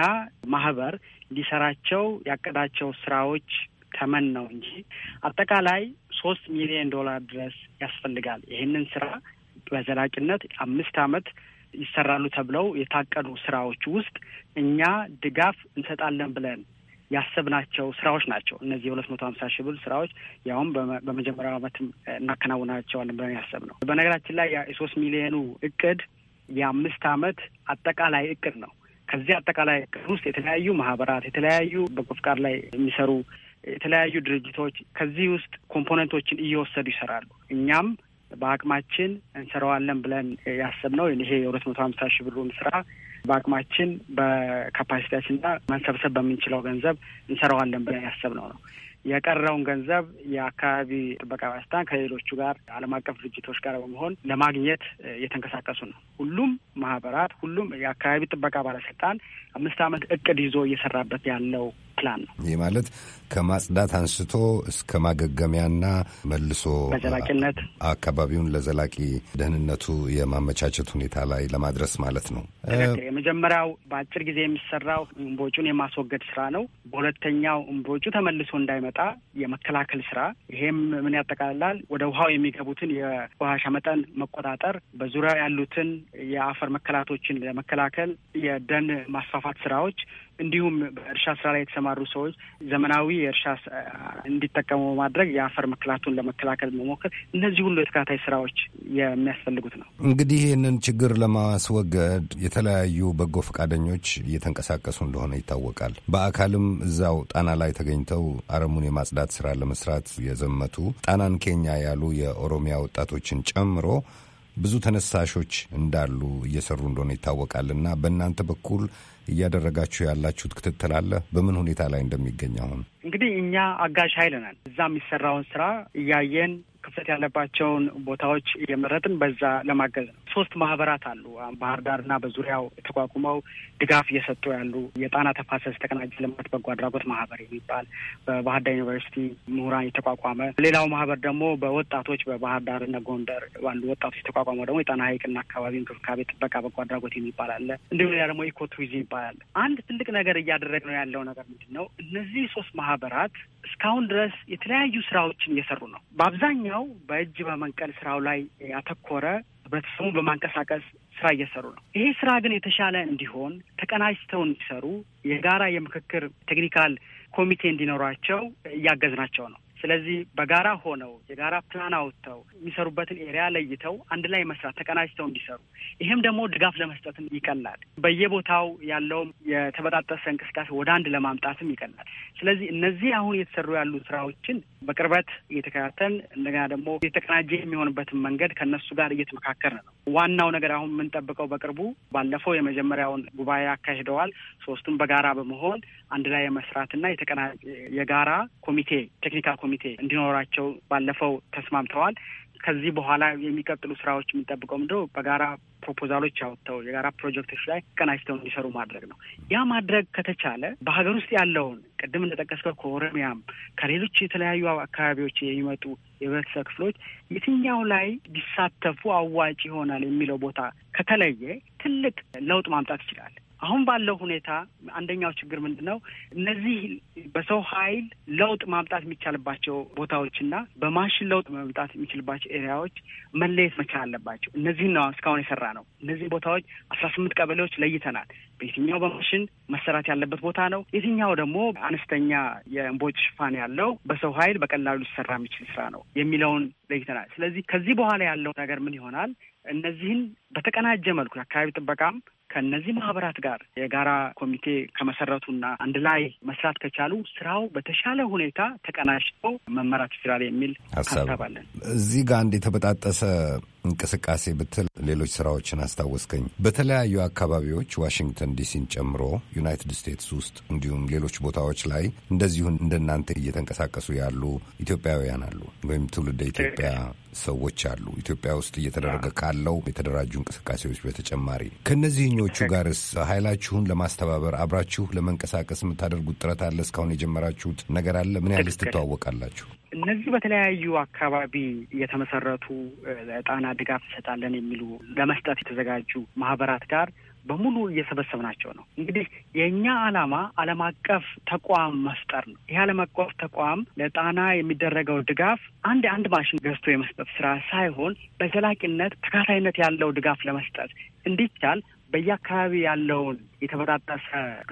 ማህበር ሊሰራቸው ያቀዳቸው ስራዎች ተመን ነው እንጂ አጠቃላይ ሶስት ሚሊዮን ዶላር ድረስ ያስፈልጋል። ይህንን ስራ በዘላቂነት አምስት አመት ይሰራሉ ተብለው የታቀዱ ስራዎች ውስጥ እኛ ድጋፍ እንሰጣለን ብለን ያሰብናቸው ስራዎች ናቸው። እነዚህ የሁለት መቶ ሀምሳ ሺህ ብር ስራዎች ያውም በመጀመሪያው ዓመት እናከናውናቸዋለን ብለን ያሰብ ነው። በነገራችን ላይ የሶስት ሚሊዮኑ እቅድ የአምስት አመት አጠቃላይ እቅድ ነው። ከዚህ አጠቃላይ እቅድ ውስጥ የተለያዩ ማህበራት፣ የተለያዩ በጎ ላይ የሚሰሩ የተለያዩ ድርጅቶች ከዚህ ውስጥ ኮምፖነንቶችን እየወሰዱ ይሰራሉ። እኛም በአቅማችን እንሰራዋለን ብለን ያሰብነው ይሄ የሁለት መቶ ሀምሳ ሺህ ብሩን ስራ በአቅማችን በካፓሲቲያችንና መሰብሰብ በምንችለው ገንዘብ እንሰራዋለን ብለን ያሰብነው ነው። የቀረውን ገንዘብ የአካባቢ ጥበቃ ባለስልጣን ከሌሎቹ ጋር ዓለም አቀፍ ድርጅቶች ጋር በመሆን ለማግኘት እየተንቀሳቀሱ ነው። ሁሉም ማህበራት፣ ሁሉም የአካባቢ ጥበቃ ባለስልጣን አምስት ዓመት እቅድ ይዞ እየሰራበት ያለው ፕላን ነው። ይህ ማለት ከማጽዳት አንስቶ እስከ ማገገሚያና መልሶ በዘላቂነት አካባቢውን ለዘላቂ ደህንነቱ የማመቻቸት ሁኔታ ላይ ለማድረስ ማለት ነው። የመጀመሪያው በአጭር ጊዜ የሚሰራው እምቦጩን የማስወገድ ስራ ነው። በሁለተኛው እምቦጩ ተመልሶ እንዳይመጣ የመከላከል ስራ። ይሄም ምን ያጠቃልላል? ወደ ውሃው የሚገቡትን የቆሻሻ መጠን መቆጣጠር፣ በዙሪያው ያሉትን የአፈር መከላቶችን ለመከላከል የደን ማስፋፋት ስራዎች እንዲሁም በእርሻ ስራ ላይ የተሰማሩ ሰዎች ዘመናዊ የእርሻ እንዲጠቀሙ በማድረግ የአፈር መከላቱን ለመከላከል መሞከር፣ እነዚህ ሁሉ የተከታታይ ስራዎች የሚያስፈልጉት ነው። እንግዲህ ይህንን ችግር ለማስወገድ የተለያዩ በጎ ፈቃደኞች እየተንቀሳቀሱ እንደሆነ ይታወቃል። በአካልም እዛው ጣና ላይ ተገኝተው አረሙን የማጽዳት ስራ ለመስራት የዘመቱ ጣናን ኬኛ ያሉ የኦሮሚያ ወጣቶችን ጨምሮ ብዙ ተነሳሾች እንዳሉ እየሰሩ እንደሆነ ይታወቃል እና በእናንተ በኩል እያደረጋችሁ ያላችሁት ክትትል አለ? በምን ሁኔታ ላይ እንደሚገኝ አሁን እንግዲህ እኛ አጋዥ ኃይል ነን። እዛ የሚሰራውን ስራ እያየን ክፍተት ያለባቸውን ቦታዎች የመረጥን በዛ ለማገዝ ነው። ሶስት ማህበራት አሉ ባህር ዳርና በዙሪያው ተቋቁመው ድጋፍ እየሰጡ ያሉ የጣና ተፋሰስ ተቀናጀ ልማት በጎ አድራጎት ማህበር የሚባል በባህር ዳር ዩኒቨርሲቲ ምሁራን የተቋቋመ፣ ሌላው ማህበር ደግሞ በወጣቶች በባህር ዳርና ጎንደር ባሉ ወጣቶች የተቋቋመው ደግሞ የጣና ሐይቅና አካባቢ እንክብካቤ ጥበቃ በጎ አድራጎት የሚባል አለ። እንዲሁም ሌላ ደግሞ ኢኮቱሪዝም ይባላል። አንድ ትልቅ ነገር እያደረግ ነው ያለው ነገር ምንድን ነው? እነዚህ ሶስት ማህበራት እስካሁን ድረስ የተለያዩ ስራዎችን እየሰሩ ነው። በአብዛኛው ነው በእጅ በመንቀል ስራው ላይ ያተኮረ ህብረተሰቡ በማንቀሳቀስ ስራ እየሰሩ ነው። ይሄ ስራ ግን የተሻለ እንዲሆን ተቀናጅተው እንዲሰሩ የጋራ የምክክር ቴክኒካል ኮሚቴ እንዲኖራቸው እያገዝናቸው ነው። ስለዚህ በጋራ ሆነው የጋራ ፕላን አውጥተው የሚሰሩበትን ኤሪያ ለይተው አንድ ላይ መስራት ተቀናጅተው እንዲሰሩ ይህም ደግሞ ድጋፍ ለመስጠትም ይቀላል። በየቦታው ያለውም የተበጣጠሰ እንቅስቃሴ ወደ አንድ ለማምጣትም ይቀላል። ስለዚህ እነዚህ አሁን የተሰሩ ያሉ ስራዎችን በቅርበት እየተከታተልን እንደገና ደግሞ የተቀናጀ የሚሆንበትን መንገድ ከነሱ ጋር እየተመካከርን ነው። ዋናው ነገር አሁን የምንጠብቀው በቅርቡ ባለፈው የመጀመሪያውን ጉባኤ አካሂደዋል። ሶስቱም በጋራ በመሆን አንድ ላይ የመስራትና የጋራ ኮሚቴ ቴክኒካል ኮሚቴ እንዲኖራቸው ባለፈው ተስማምተዋል። ከዚህ በኋላ የሚቀጥሉ ስራዎች የሚጠብቀው ምንድ በጋራ ፕሮፖዛሎች አውጥተው የጋራ ፕሮጀክቶች ላይ ቀናጅተው እንዲሰሩ ማድረግ ነው። ያ ማድረግ ከተቻለ በሀገር ውስጥ ያለውን ቅድም እንደጠቀስከው ከኦሮሚያም ከሌሎች የተለያዩ አካባቢዎች የሚመጡ የህብረተሰብ ክፍሎች የትኛው ላይ ቢሳተፉ አዋጭ ይሆናል የሚለው ቦታ ከተለየ ትልቅ ለውጥ ማምጣት ይችላል። አሁን ባለው ሁኔታ አንደኛው ችግር ምንድን ነው? እነዚህ በሰው ኃይል ለውጥ ማምጣት የሚቻልባቸው ቦታዎችና በማሽን ለውጥ መምጣት የሚችልባቸው ኤሪያዎች መለየት መቻል አለባቸው። እነዚህ ነው እስካሁን የሰራ ነው። እነዚህ ቦታዎች አስራ ስምንት ቀበሌዎች ለይተናል። በየትኛው በማሽን መሰራት ያለበት ቦታ ነው፣ የትኛው ደግሞ አነስተኛ የእንቦጭ ሽፋን ያለው በሰው ኃይል በቀላሉ ሊሰራ የሚችል ስራ ነው የሚለውን ለይተናል። ስለዚህ ከዚህ በኋላ ያለው ነገር ምን ይሆናል? እነዚህን በተቀናጀ መልኩ የአካባቢ ጥበቃም ከእነዚህ ማህበራት ጋር የጋራ ኮሚቴ ከመሰረቱና አንድ ላይ መስራት ከቻሉ ስራው በተሻለ ሁኔታ ተቀናጅቶ መመራት ይችላል የሚል ሀሳብ እዚህ ጋር አንድ የተበጣጠሰ እንቅስቃሴ ብትል ሌሎች ስራዎችን አስታወስከኝ። በተለያዩ አካባቢዎች ዋሽንግተን ዲሲን ጨምሮ ዩናይትድ ስቴትስ ውስጥ እንዲሁም ሌሎች ቦታዎች ላይ እንደዚሁን እንደናንተ እየተንቀሳቀሱ ያሉ ኢትዮጵያውያን አሉ ወይም ትውልደ ኢትዮጵያ ሰዎች አሉ። ኢትዮጵያ ውስጥ እየተደረገ ካለው የተደራጁ እንቅስቃሴዎች በተጨማሪ ከነዚህኞ ከሌሎቹ ጋርስ ኃይላችሁን ለማስተባበር አብራችሁ ለመንቀሳቀስ የምታደርጉት ጥረት አለ? እስካሁን የጀመራችሁት ነገር አለ? ምን ያህል ስትተዋወቃላችሁ? እነዚህ በተለያዩ አካባቢ የተመሰረቱ ለጣና ድጋፍ እንሰጣለን የሚሉ ለመስጠት የተዘጋጁ ማህበራት ጋር በሙሉ እየሰበሰብናቸው ነው። እንግዲህ የእኛ ዓላማ ዓለም አቀፍ ተቋም መፍጠር ነው። ይህ ዓለም አቀፍ ተቋም ለጣና የሚደረገው ድጋፍ አንድ አንድ ማሽን ገዝቶ የመስጠት ስራ ሳይሆን በዘላቂነት ተካታይነት ያለው ድጋፍ ለመስጠት እንዲቻል በየአካባቢ ያለውን የተበጣጠሰ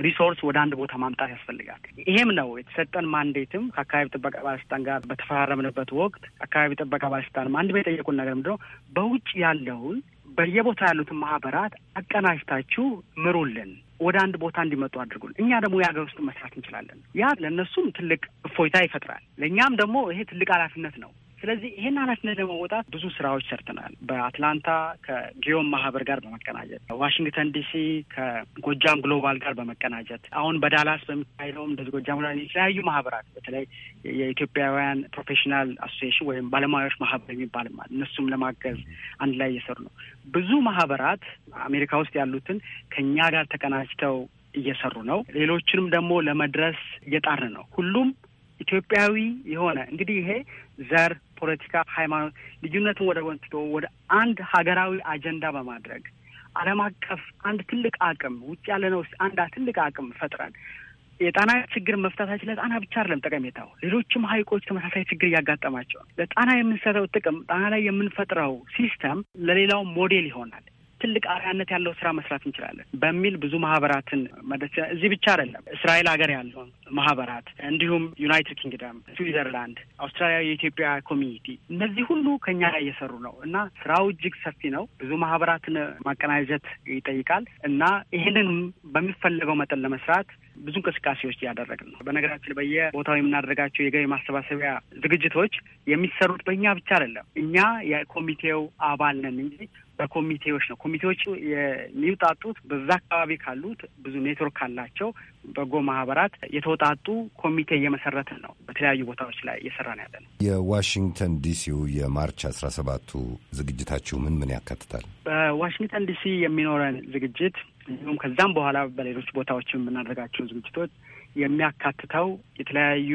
ሪሶርስ ወደ አንድ ቦታ ማምጣት ያስፈልጋል። ይሄም ነው የተሰጠን ማንዴትም ከአካባቢ ጥበቃ ባለስልጣን ጋር በተፈራረምንበት ወቅት አካባቢ ጥበቃ ባለስልጣን አንድ የጠየቁን ነገር ምንድነው በውጭ ያለውን በየቦታ ያሉትን ማህበራት አቀናጅታችሁ ምሩልን፣ ወደ አንድ ቦታ እንዲመጡ አድርጉን። እኛ ደግሞ የሀገር ውስጥ መስራት እንችላለን። ያ ለእነሱም ትልቅ እፎይታ ይፈጥራል፣ ለእኛም ደግሞ ይሄ ትልቅ ኃላፊነት ነው። ስለዚህ ይህን ኃላፊነት ለመወጣት ብዙ ስራዎች ሰርተናል። በአትላንታ ከጊዮም ማህበር ጋር በመቀናጀት ዋሽንግተን ዲሲ ከጎጃም ግሎባል ጋር በመቀናጀት አሁን በዳላስ በሚካሄደውም እንደዚህ ጎጃም የተለያዩ ማህበራት በተለይ የኢትዮጵያውያን ፕሮፌሽናል አሶሲሽን ወይም ባለሙያዎች ማህበር የሚባል እነሱም ለማገዝ አንድ ላይ እየሰሩ ነው። ብዙ ማህበራት አሜሪካ ውስጥ ያሉትን ከእኛ ጋር ተቀናጅተው እየሰሩ ነው። ሌሎችንም ደግሞ ለመድረስ እየጣርን ነው። ሁሉም ኢትዮጵያዊ የሆነ እንግዲህ ይሄ ዘር ፖለቲካ፣ ሃይማኖት ልዩነትን ወደ ጎን ትቶ ወደ አንድ ሀገራዊ አጀንዳ በማድረግ ዓለም አቀፍ አንድ ትልቅ አቅም ውጭ ያለ ነው አንድ ትልቅ አቅም ፈጥረን የጣና ችግር መፍታታችን ለጣና ብቻ አይደለም ጠቀሜታው፣ ሌሎችም ሀይቆች ተመሳሳይ ችግር እያጋጠማቸው ለጣና የምንሰጠው ጥቅም ጣና ላይ የምንፈጥረው ሲስተም ለሌላው ሞዴል ይሆናል። ትልቅ አርያነት ያለው ስራ መስራት እንችላለን በሚል ብዙ ማህበራትን መደስ እዚህ ብቻ አይደለም እስራኤል ሀገር ያለውን ማህበራት እንዲሁም ዩናይትድ ኪንግደም፣ ስዊዘርላንድ፣ አውስትራሊያ የኢትዮጵያ ኮሚኒቲ እነዚህ ሁሉ ከኛ ላይ እየሰሩ ነው እና ስራው እጅግ ሰፊ ነው። ብዙ ማህበራትን ማቀናጀት ይጠይቃል እና ይህንን በሚፈለገው መጠን ለመስራት ብዙ እንቅስቃሴዎች እያደረግን ነው። በነገራችን በየቦታው የምናደርጋቸው የገቢ ማሰባሰቢያ ዝግጅቶች የሚሰሩት በእኛ ብቻ አይደለም። እኛ የኮሚቴው አባል ነን እንጂ በኮሚቴዎች ነው። ኮሚቴዎች የሚውጣጡት በዛ አካባቢ ካሉት ብዙ ኔትወርክ ካላቸው በጎ ማህበራት የተውጣጡ ኮሚቴ እየመሰረትን ነው። በተለያዩ ቦታዎች ላይ እየሰራን ያለ ነው። የዋሽንግተን ዲሲው የማርች አስራ ሰባቱ ዝግጅታችሁ ምን ምን ያካትታል? በዋሽንግተን ዲሲ የሚኖረን ዝግጅት እንዲሁም ከዛም በኋላ በሌሎች ቦታዎች የምናደርጋቸው ዝግጅቶች የሚያካትተው የተለያዩ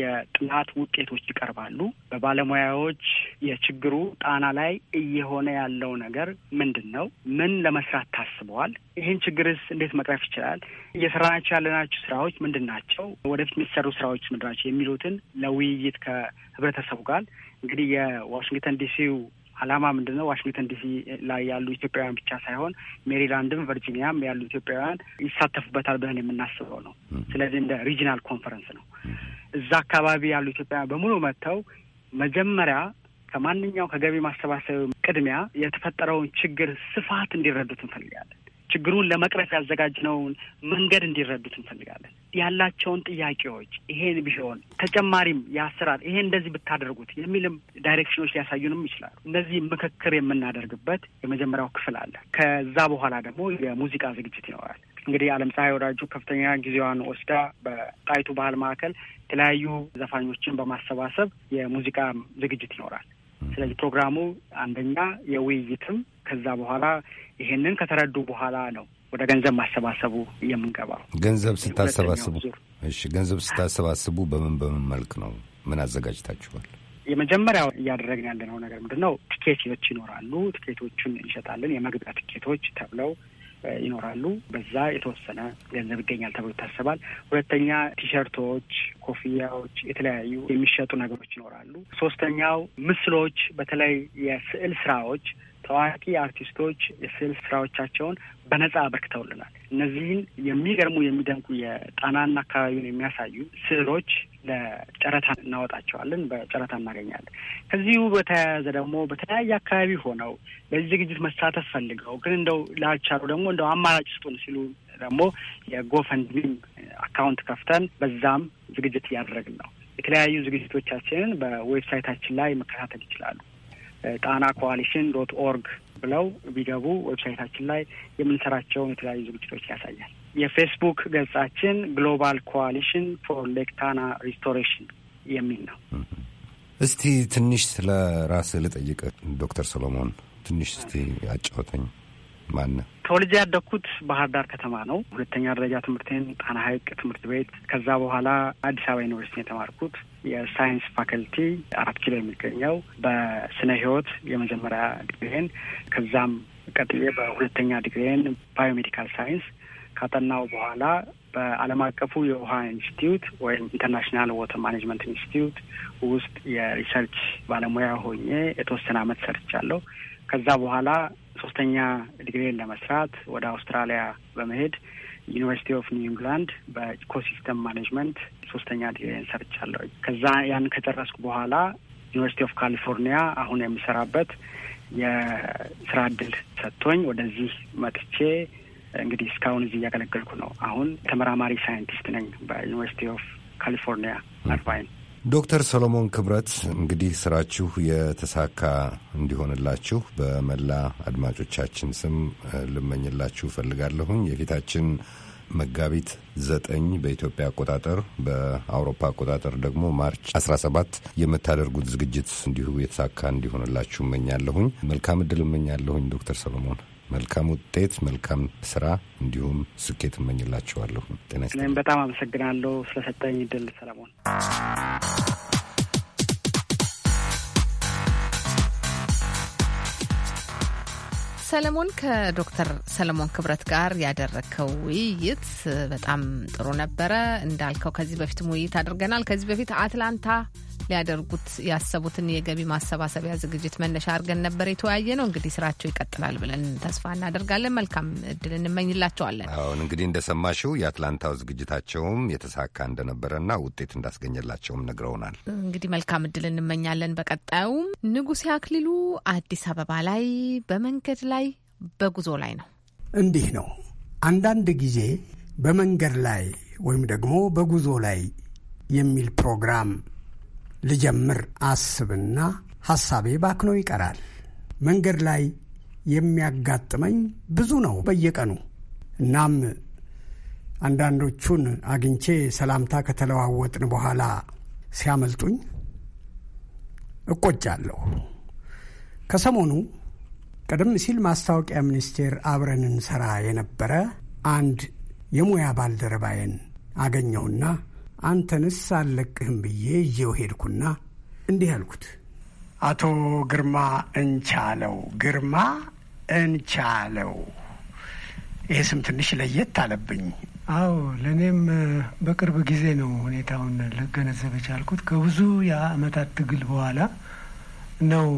የጥናት ውጤቶች ይቀርባሉ። በባለሙያዎች የችግሩ ጣና ላይ እየሆነ ያለው ነገር ምንድን ነው? ምን ለመስራት ታስበዋል? ይህን ችግርስ እንዴት መቅረፍ ይችላል? እየሰራናቸው ያለናቸው ስራዎች ምንድን ናቸው? ወደፊት የሚሰሩ ስራዎች ምንድን ናቸው? የሚሉትን ለውይይት ከህብረተሰቡ ጋር እንግዲህ የዋሽንግተን ዲሲው አላማ ምንድን ነው? ዋሽንግተን ዲሲ ላይ ያሉ ኢትዮጵያውያን ብቻ ሳይሆን ሜሪላንድም ቨርጂኒያም ያሉ ኢትዮጵያውያን ይሳተፉበታል ብለን የምናስበው ነው። ስለዚህ እንደ ሪጂናል ኮንፈረንስ ነው። እዛ አካባቢ ያሉ ኢትዮጵያውያን በሙሉ መጥተው መጀመሪያ ከማንኛው ከገቢ ማሰባሰብ ቅድሚያ የተፈጠረውን ችግር ስፋት እንዲረዱት እንፈልጋለን። ችግሩን ለመቅረፍ ያዘጋጅነውን መንገድ እንዲረዱት እንፈልጋለን። ያላቸውን ጥያቄዎች ይሄን ቢሆን ተጨማሪም የአሰራር ይሄ እንደዚህ ብታደርጉት የሚልም ዳይሬክሽኖች ሊያሳዩንም ይችላሉ። እነዚህ ምክክር የምናደርግበት የመጀመሪያው ክፍል አለ። ከዛ በኋላ ደግሞ የሙዚቃ ዝግጅት ይኖራል። እንግዲህ ዓለም ፀሐይ ወዳጁ ከፍተኛ ጊዜዋን ወስዳ በጣይቱ ባህል ማዕከል የተለያዩ ዘፋኞችን በማሰባሰብ የሙዚቃ ዝግጅት ይኖራል። ስለዚህ ፕሮግራሙ አንደኛ የውይይትም ከዛ በኋላ ይሄንን ከተረዱ በኋላ ነው ወደ ገንዘብ ማሰባሰቡ የምንገባው። ገንዘብ ስታሰባስቡ፣ እሺ፣ ገንዘብ ስታሰባስቡ በምን በምን መልክ ነው? ምን አዘጋጅታችኋል? የመጀመሪያው እያደረግን ያለነው ነገር ምንድን ነው? ቲኬቶች ይኖራሉ። ቲኬቶቹን እንሸጣለን። የመግቢያ ቲኬቶች ተብለው ይኖራሉ። በዛ የተወሰነ ገንዘብ ይገኛል ተብሎ ይታሰባል። ሁለተኛ ቲሸርቶች፣ ኮፍያዎች፣ የተለያዩ የሚሸጡ ነገሮች ይኖራሉ። ሶስተኛው ምስሎች፣ በተለይ የስዕል ስራዎች ታዋቂ አርቲስቶች የስዕል ስራዎቻቸውን በነጻ አበርክተውልናል። እነዚህን የሚገርሙ የሚደንቁ የጣናና አካባቢውን የሚያሳዩ ስዕሎች ለጨረታ እናወጣቸዋለን፣ በጨረታ እናገኛለን። ከዚሁ በተያያዘ ደግሞ በተለያየ አካባቢ ሆነው በዚህ ዝግጅት መሳተፍ ፈልገው ግን እንደው ላልቻሉ ደግሞ እንደው አማራጭ ስጡን ሲሉ ደግሞ የጎፈንድሚም አካውንት ከፍተን በዛም ዝግጅት እያደረግን ነው። የተለያዩ ዝግጅቶቻችንን በዌብሳይታችን ላይ መከታተል ይችላሉ። ጣና ኮዋሊሽን ዶት ኦርግ ብለው ቢገቡ ዌብሳይታችን ላይ የምንሰራቸውን የተለያዩ ዝግጅቶች ያሳያል። የፌስቡክ ገጻችን ግሎባል ኮዋሊሽን ፎር ሌክ ታና ሪስቶሬሽን የሚል ነው። እስቲ ትንሽ ስለ ራስህ ልጠይቅ ዶክተር ሰሎሞን ትንሽ እስቲ አጫወተኝ። ማነህ? ተወልጄ ያደግኩት ባህር ዳር ከተማ ነው። ሁለተኛ ደረጃ ትምህርቴን ጣና ሐይቅ ትምህርት ቤት፣ ከዛ በኋላ አዲስ አበባ ዩኒቨርሲቲ የተማርኩት የሳይንስ ፋከልቲ አራት ኪሎ የሚገኘው በስነ ህይወት የመጀመሪያ ዲግሪን ከዛም ቀጥዬ በሁለተኛ ዲግሪን ባዮሜዲካል ሳይንስ ካጠናው በኋላ በዓለም አቀፉ የውሃ ኢንስቲትዩት ወይም ኢንተርናሽናል ወተር ማኔጅመንት ኢንስቲትዩት ውስጥ የሪሰርች ባለሙያ ሆኜ የተወሰነ አመት ሰርቻለሁ። ከዛ በኋላ ሶስተኛ ዲግሪን ለመስራት ወደ አውስትራሊያ በመሄድ ዩኒቨርሲቲ ኦፍ ኒው ኢንግላንድ በኢኮሲስተም ማኔጅመንት ሶስተኛ ዲግሪን ሰርቻለሁ። ከዛ ያን ከጨረስኩ በኋላ ዩኒቨርሲቲ ኦፍ ካሊፎርኒያ አሁን የምሰራበት የስራ እድል ሰጥቶኝ ወደዚህ መጥቼ እንግዲህ እስካሁን እዚህ እያገለገልኩ ነው። አሁን ተመራማሪ ሳይንቲስት ነኝ በዩኒቨርሲቲ ኦፍ ካሊፎርኒያ አርባይን። ዶክተር ሰሎሞን ክብረት እንግዲህ ስራችሁ የተሳካ እንዲሆንላችሁ በመላ አድማጮቻችን ስም ልመኝላችሁ ፈልጋለሁኝ። የፊታችን መጋቢት ዘጠኝ በኢትዮጵያ አቆጣጠር በአውሮፓ አቆጣጠር ደግሞ ማርች 17 የምታደርጉት ዝግጅት እንዲሁ የተሳካ እንዲሆንላችሁ እመኛለሁኝ። መልካም እድል እመኛለሁኝ ዶክተር ሰሎሞን። መልካም ውጤት፣ መልካም ስራ እንዲሁም ስኬት እመኝላችኋለሁ። ጤና ይስጥልኝ። በጣም አመሰግናለሁ ስለሰጠኝ እድል ሰለሞን። ሰለሞን ከዶክተር ሰለሞን ክብረት ጋር ያደረግከው ውይይት በጣም ጥሩ ነበረ። እንዳልከው ከዚህ በፊትም ውይይት አድርገናል። ከዚህ በፊት አትላንታ ሊያደርጉት ያሰቡትን የገቢ ማሰባሰቢያ ዝግጅት መነሻ አድርገን ነበር የተወያየ ነው። እንግዲህ ስራቸው ይቀጥላል ብለን ተስፋ እናደርጋለን። መልካም እድል እንመኝላቸዋለን። አሁን እንግዲህ እንደሰማሽው የአትላንታው ዝግጅታቸውም የተሳካ እንደነበረና ውጤት እንዳስገኘላቸውም ነግረውናል። እንግዲህ መልካም እድል እንመኛለን። በቀጣዩም ንጉሴ አክሊሉ አዲስ አበባ ላይ በመንገድ ላይ በጉዞ ላይ ነው። እንዲህ ነው። አንዳንድ ጊዜ በመንገድ ላይ ወይም ደግሞ በጉዞ ላይ የሚል ፕሮግራም ልጀምር አስብና ሐሳቤ ባክኖ ይቀራል። መንገድ ላይ የሚያጋጥመኝ ብዙ ነው በየቀኑ። እናም አንዳንዶቹን አግኝቼ ሰላምታ ከተለዋወጥን በኋላ ሲያመልጡኝ እቆጫለሁ። ከሰሞኑ ቀደም ሲል ማስታወቂያ ሚኒስቴር አብረን እንሰራ የነበረ አንድ የሙያ ባልደረባዬን አገኘውና አንተንስ አልለቅህም ብዬ እየው ሄድኩና እንዲህ አልኩት። አቶ ግርማ እንቻለው ግርማ እንቻለው። ይህ ስም ትንሽ ለየት አለብኝ። አዎ ለእኔም በቅርብ ጊዜ ነው ሁኔታውን ልገነዘብ የቻልኩት። ከብዙ የአመታት ትግል በኋላ ነው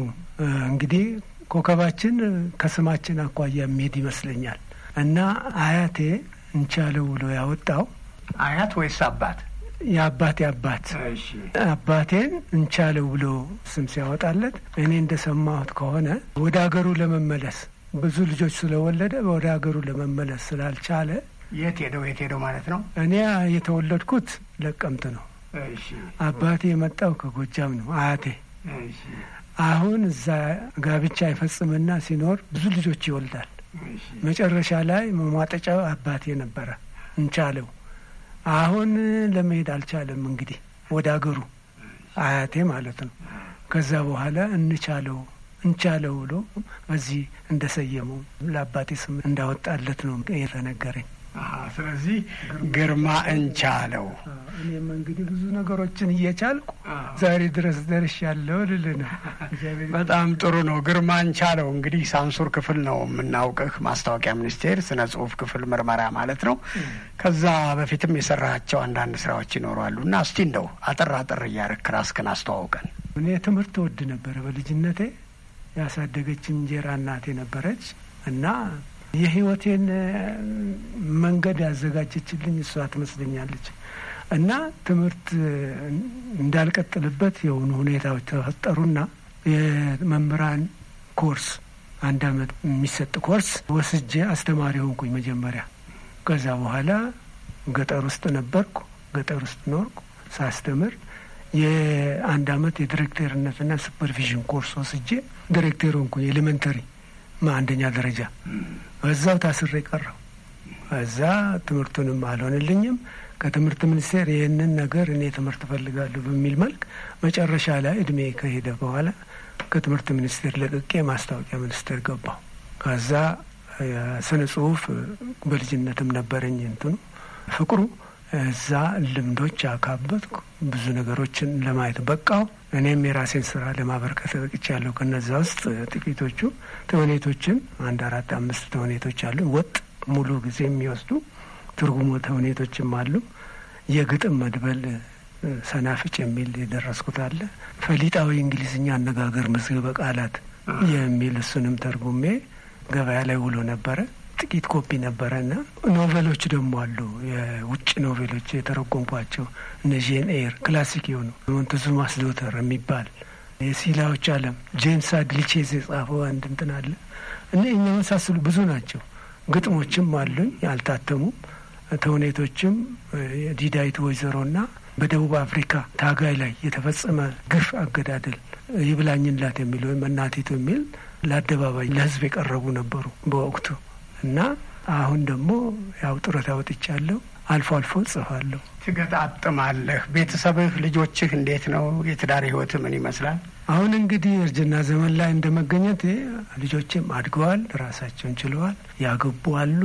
እንግዲህ ኮከባችን ከስማችን አኳያ የሚሄድ ይመስለኛል እና አያቴ እንቻለው ብሎ ያወጣው አያት ወይስ አባት የአባቴ አባት አባቴን እንቻለው ብሎ ስም ሲያወጣለት እኔ እንደሰማሁት ከሆነ ወደ አገሩ ለመመለስ ብዙ ልጆች ስለወለደ ወደ አገሩ ለመመለስ ስላልቻለ የት ሄደው የት ሄደው ማለት ነው። እኔ የተወለድኩት ለቀምት ነው። አባቴ የመጣው ከጎጃም ነው። አያቴ አሁን እዛ ጋብቻ ይፈጽምና ሲኖር ብዙ ልጆች ይወልዳል። መጨረሻ ላይ መሟጠጫው አባቴ ነበረ እንቻለው አሁን ለመሄድ አልቻለም። እንግዲህ ወደ አገሩ አያቴ ማለት ነው። ከዛ በኋላ እንቻለው እንቻለው ብሎ በዚህ እንደሰየመው ለአባቴ ስም እንዳወጣለት ነው የተነገረኝ። ስለዚህ ግርማ እንቻለው እኔም እንግዲህ ብዙ ነገሮችን እየቻልኩ ዛሬ ድረስ ደርሻለሁ ልልህ ነው። በጣም ጥሩ ነው። ግርማ እንቻለው እንግዲህ ሳንሱር ክፍል ነው የምናውቅህ፣ ማስታወቂያ ሚኒስቴር ስነ ጽሁፍ ክፍል ምርመራ ማለት ነው። ከዛ በፊትም የሰራቸው አንዳንድ ስራዎች ይኖራሉ እና እስቲ እንደው አጠር አጠር እያረክ አስተዋውቀን። እኔ ትምህርት ወድ ነበረ በልጅነቴ ያሳደገች እንጀራ እናቴ ነበረች እና የህይወቴን መንገድ ያዘጋጀችልኝ እሷ ትመስለኛለች። እና ትምህርት እንዳልቀጥልበት የሆኑ ሁኔታዎች ተፈጠሩና የመምህራን ኮርስ አንድ አመት የሚሰጥ ኮርስ ወስጄ አስተማሪ ሆንኩኝ መጀመሪያ። ከዛ በኋላ ገጠር ውስጥ ነበርኩ፣ ገጠር ውስጥ ኖርኩ ሳስተምር የአንድ አመት የዲሬክተርነትና ሱፐርቪዥን ኮርስ ወስጄ ዲሬክተር ሆንኩኝ ኤሌመንተሪ አንደኛ ደረጃ በዛው ታስሬ ቀረው። እዛ ትምህርቱንም አልሆንልኝም። ከትምህርት ሚኒስቴር ይህንን ነገር እኔ ትምህርት እፈልጋለሁ በሚል መልክ መጨረሻ ላይ እድሜ ከሄደ በኋላ ከትምህርት ሚኒስቴር ለቅቄ ማስታወቂያ ሚኒስቴር ገባው ከዛ የስነ ጽሁፍ በልጅነትም ነበረኝ እንትኑ ፍቅሩ እዛ ልምዶች አካበትኩ። ብዙ ነገሮችን ለማየት በቃው። እኔም የራሴን ስራ ለማበርከት በቅቻለሁ። ከነዛ ውስጥ ጥቂቶቹ ተውኔቶችን አንድ አራት አምስት ተውኔቶች አሉ። ወጥ ሙሉ ጊዜ የሚወስዱ ትርጉሞ ተውኔቶችም አሉ። የግጥም መድበል ሰናፍጭ የሚል የደረስኩት አለ። ፈሊጣዊ እንግሊዝኛ አነጋገር መዝገበ ቃላት የሚል እሱንም ተርጉሜ ገበያ ላይ ውሎ ነበረ። ጥቂት ኮፒ ነበረ እና ኖቬሎች ደግሞ አሉ። የውጭ ኖቬሎች የተረጎምኳቸው እነ ዤን ኤር ክላሲክ የሆኑ ሞንተዙማስ ዶተር የሚባል የሲላዎች ዓለም ጄምስ አድሊቼዝ የጻፈው አንድ እንትን አለ እና እኛ መሳሰሉ ብዙ ናቸው። ግጥሞችም አሉኝ አልታተሙም። ተውኔቶችም ዲዳይቱ ወይዘሮና በደቡብ አፍሪካ ታጋይ ላይ የተፈጸመ ግፍ አገዳደል ይብላኝላት የሚል ወይም እናቲቱ የሚል ለአደባባይ ለህዝብ የቀረቡ ነበሩ በወቅቱ እና አሁን ደግሞ ያው ጡረታ ወጥቻለሁ። አልፎ አልፎ ጽፋለሁ። ትገጣጥማለህ። ቤተሰብህ፣ ልጆችህ እንዴት ነው? የትዳር ህይወት ምን ይመስላል? አሁን እንግዲህ እርጅና ዘመን ላይ እንደ መገኘት ልጆችም አድገዋል፣ ራሳቸውን ችለዋል፣ ያገቡ አሉ፣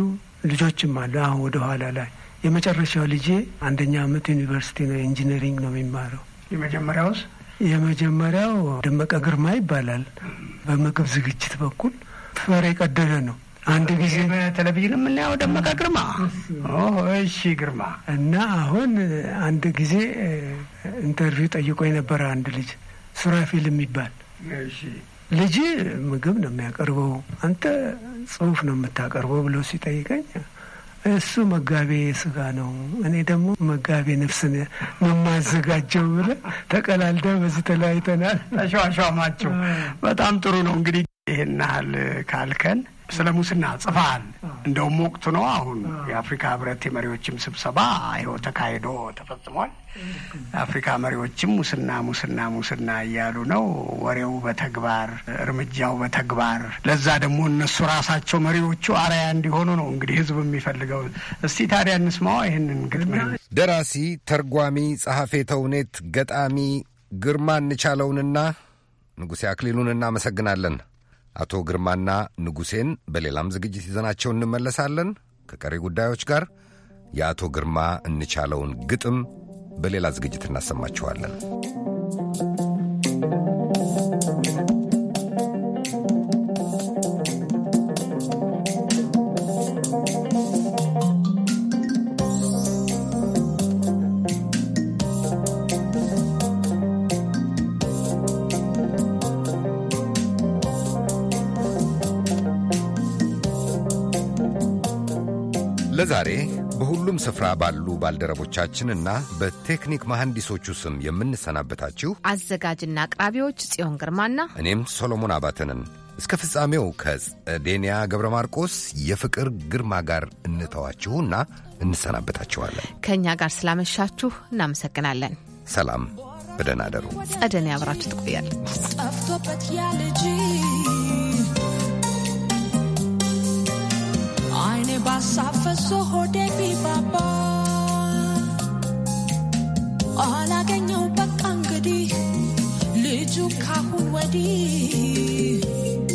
ልጆችም አሉ። አሁን ወደ ኋላ ላይ የመጨረሻው ልጄ አንደኛ አመት ዩኒቨርሲቲ ነው፣ ኢንጂነሪንግ ነው የሚማረው። የመጀመሪያውስ? የመጀመሪያው ደመቀ ግርማ ይባላል። በምግብ ዝግጅት በኩል ፈር የቀደደ ነው አንድ ጊዜ በቴሌቪዥን የምናየው ደመቀ ግርማ። እሺ ግርማ እና አሁን አንድ ጊዜ ኢንተርቪው ጠይቆ የነበረ አንድ ልጅ ሱራፊል የሚባል ልጅ ምግብ ነው የሚያቀርበው፣ አንተ ጽሁፍ ነው የምታቀርበው ብሎ ሲጠይቀኝ እሱ መጋቤ ስጋ ነው፣ እኔ ደግሞ መጋቤ ነፍስን የማዘጋጀው ብለ ተቀላልደ በዚህ ተለያይተናል። ተሸዋሸዋማቸው በጣም ጥሩ ነው። እንግዲህ ይህን ያህል ካልከን ስለ ሙስና ጽፋል። እንደውም ወቅቱ ነው። አሁን የአፍሪካ ህብረት የመሪዎችም ስብሰባ አይሮ ተካሂዶ ተፈጽሟል። አፍሪካ መሪዎችም ሙስና ሙስና ሙስና እያሉ ነው። ወሬው በተግባር እርምጃው በተግባር ለዛ ደግሞ እነሱ ራሳቸው መሪዎቹ አርያ እንዲሆኑ ነው እንግዲህ ህዝብ የሚፈልገው። እስቲ ታዲያ እንስማዋ ይህንን ግጥም። ደራሲ ተርጓሚ፣ ጸሐፌ ተውኔት፣ ገጣሚ ግርማ እንቻለውንና ንጉሴ አክሊሉን እናመሰግናለን። አቶ ግርማና ንጉሴን በሌላም ዝግጅት ይዘናቸው እንመለሳለን። ከቀሪ ጉዳዮች ጋር የአቶ ግርማ እንቻለውን ግጥም በሌላ ዝግጅት እናሰማችኋለን። ለዛሬ በሁሉም ስፍራ ባሉ ባልደረቦቻችንና በቴክኒክ መሐንዲሶቹ ስም የምንሰናበታችሁ አዘጋጅና አቅራቢዎች ጽዮን ግርማና እኔም ሶሎሞን አባተንን እስከ ፍጻሜው ከጸዴንያ ገብረ ማርቆስ የፍቅር ግርማ ጋር እንተዋችሁና እንሰናበታችኋለን። ከእኛ ጋር ስላመሻችሁ እናመሰግናለን። ሰላም፣ በደህና አደሩ። ጸደንያ አብራችሁ ትቆያለች። ጠፍቶበት ያልጅ basafa soho debi baba አላገኘው በቃ እንግዲህ ልጁ ካሁን ወዲህ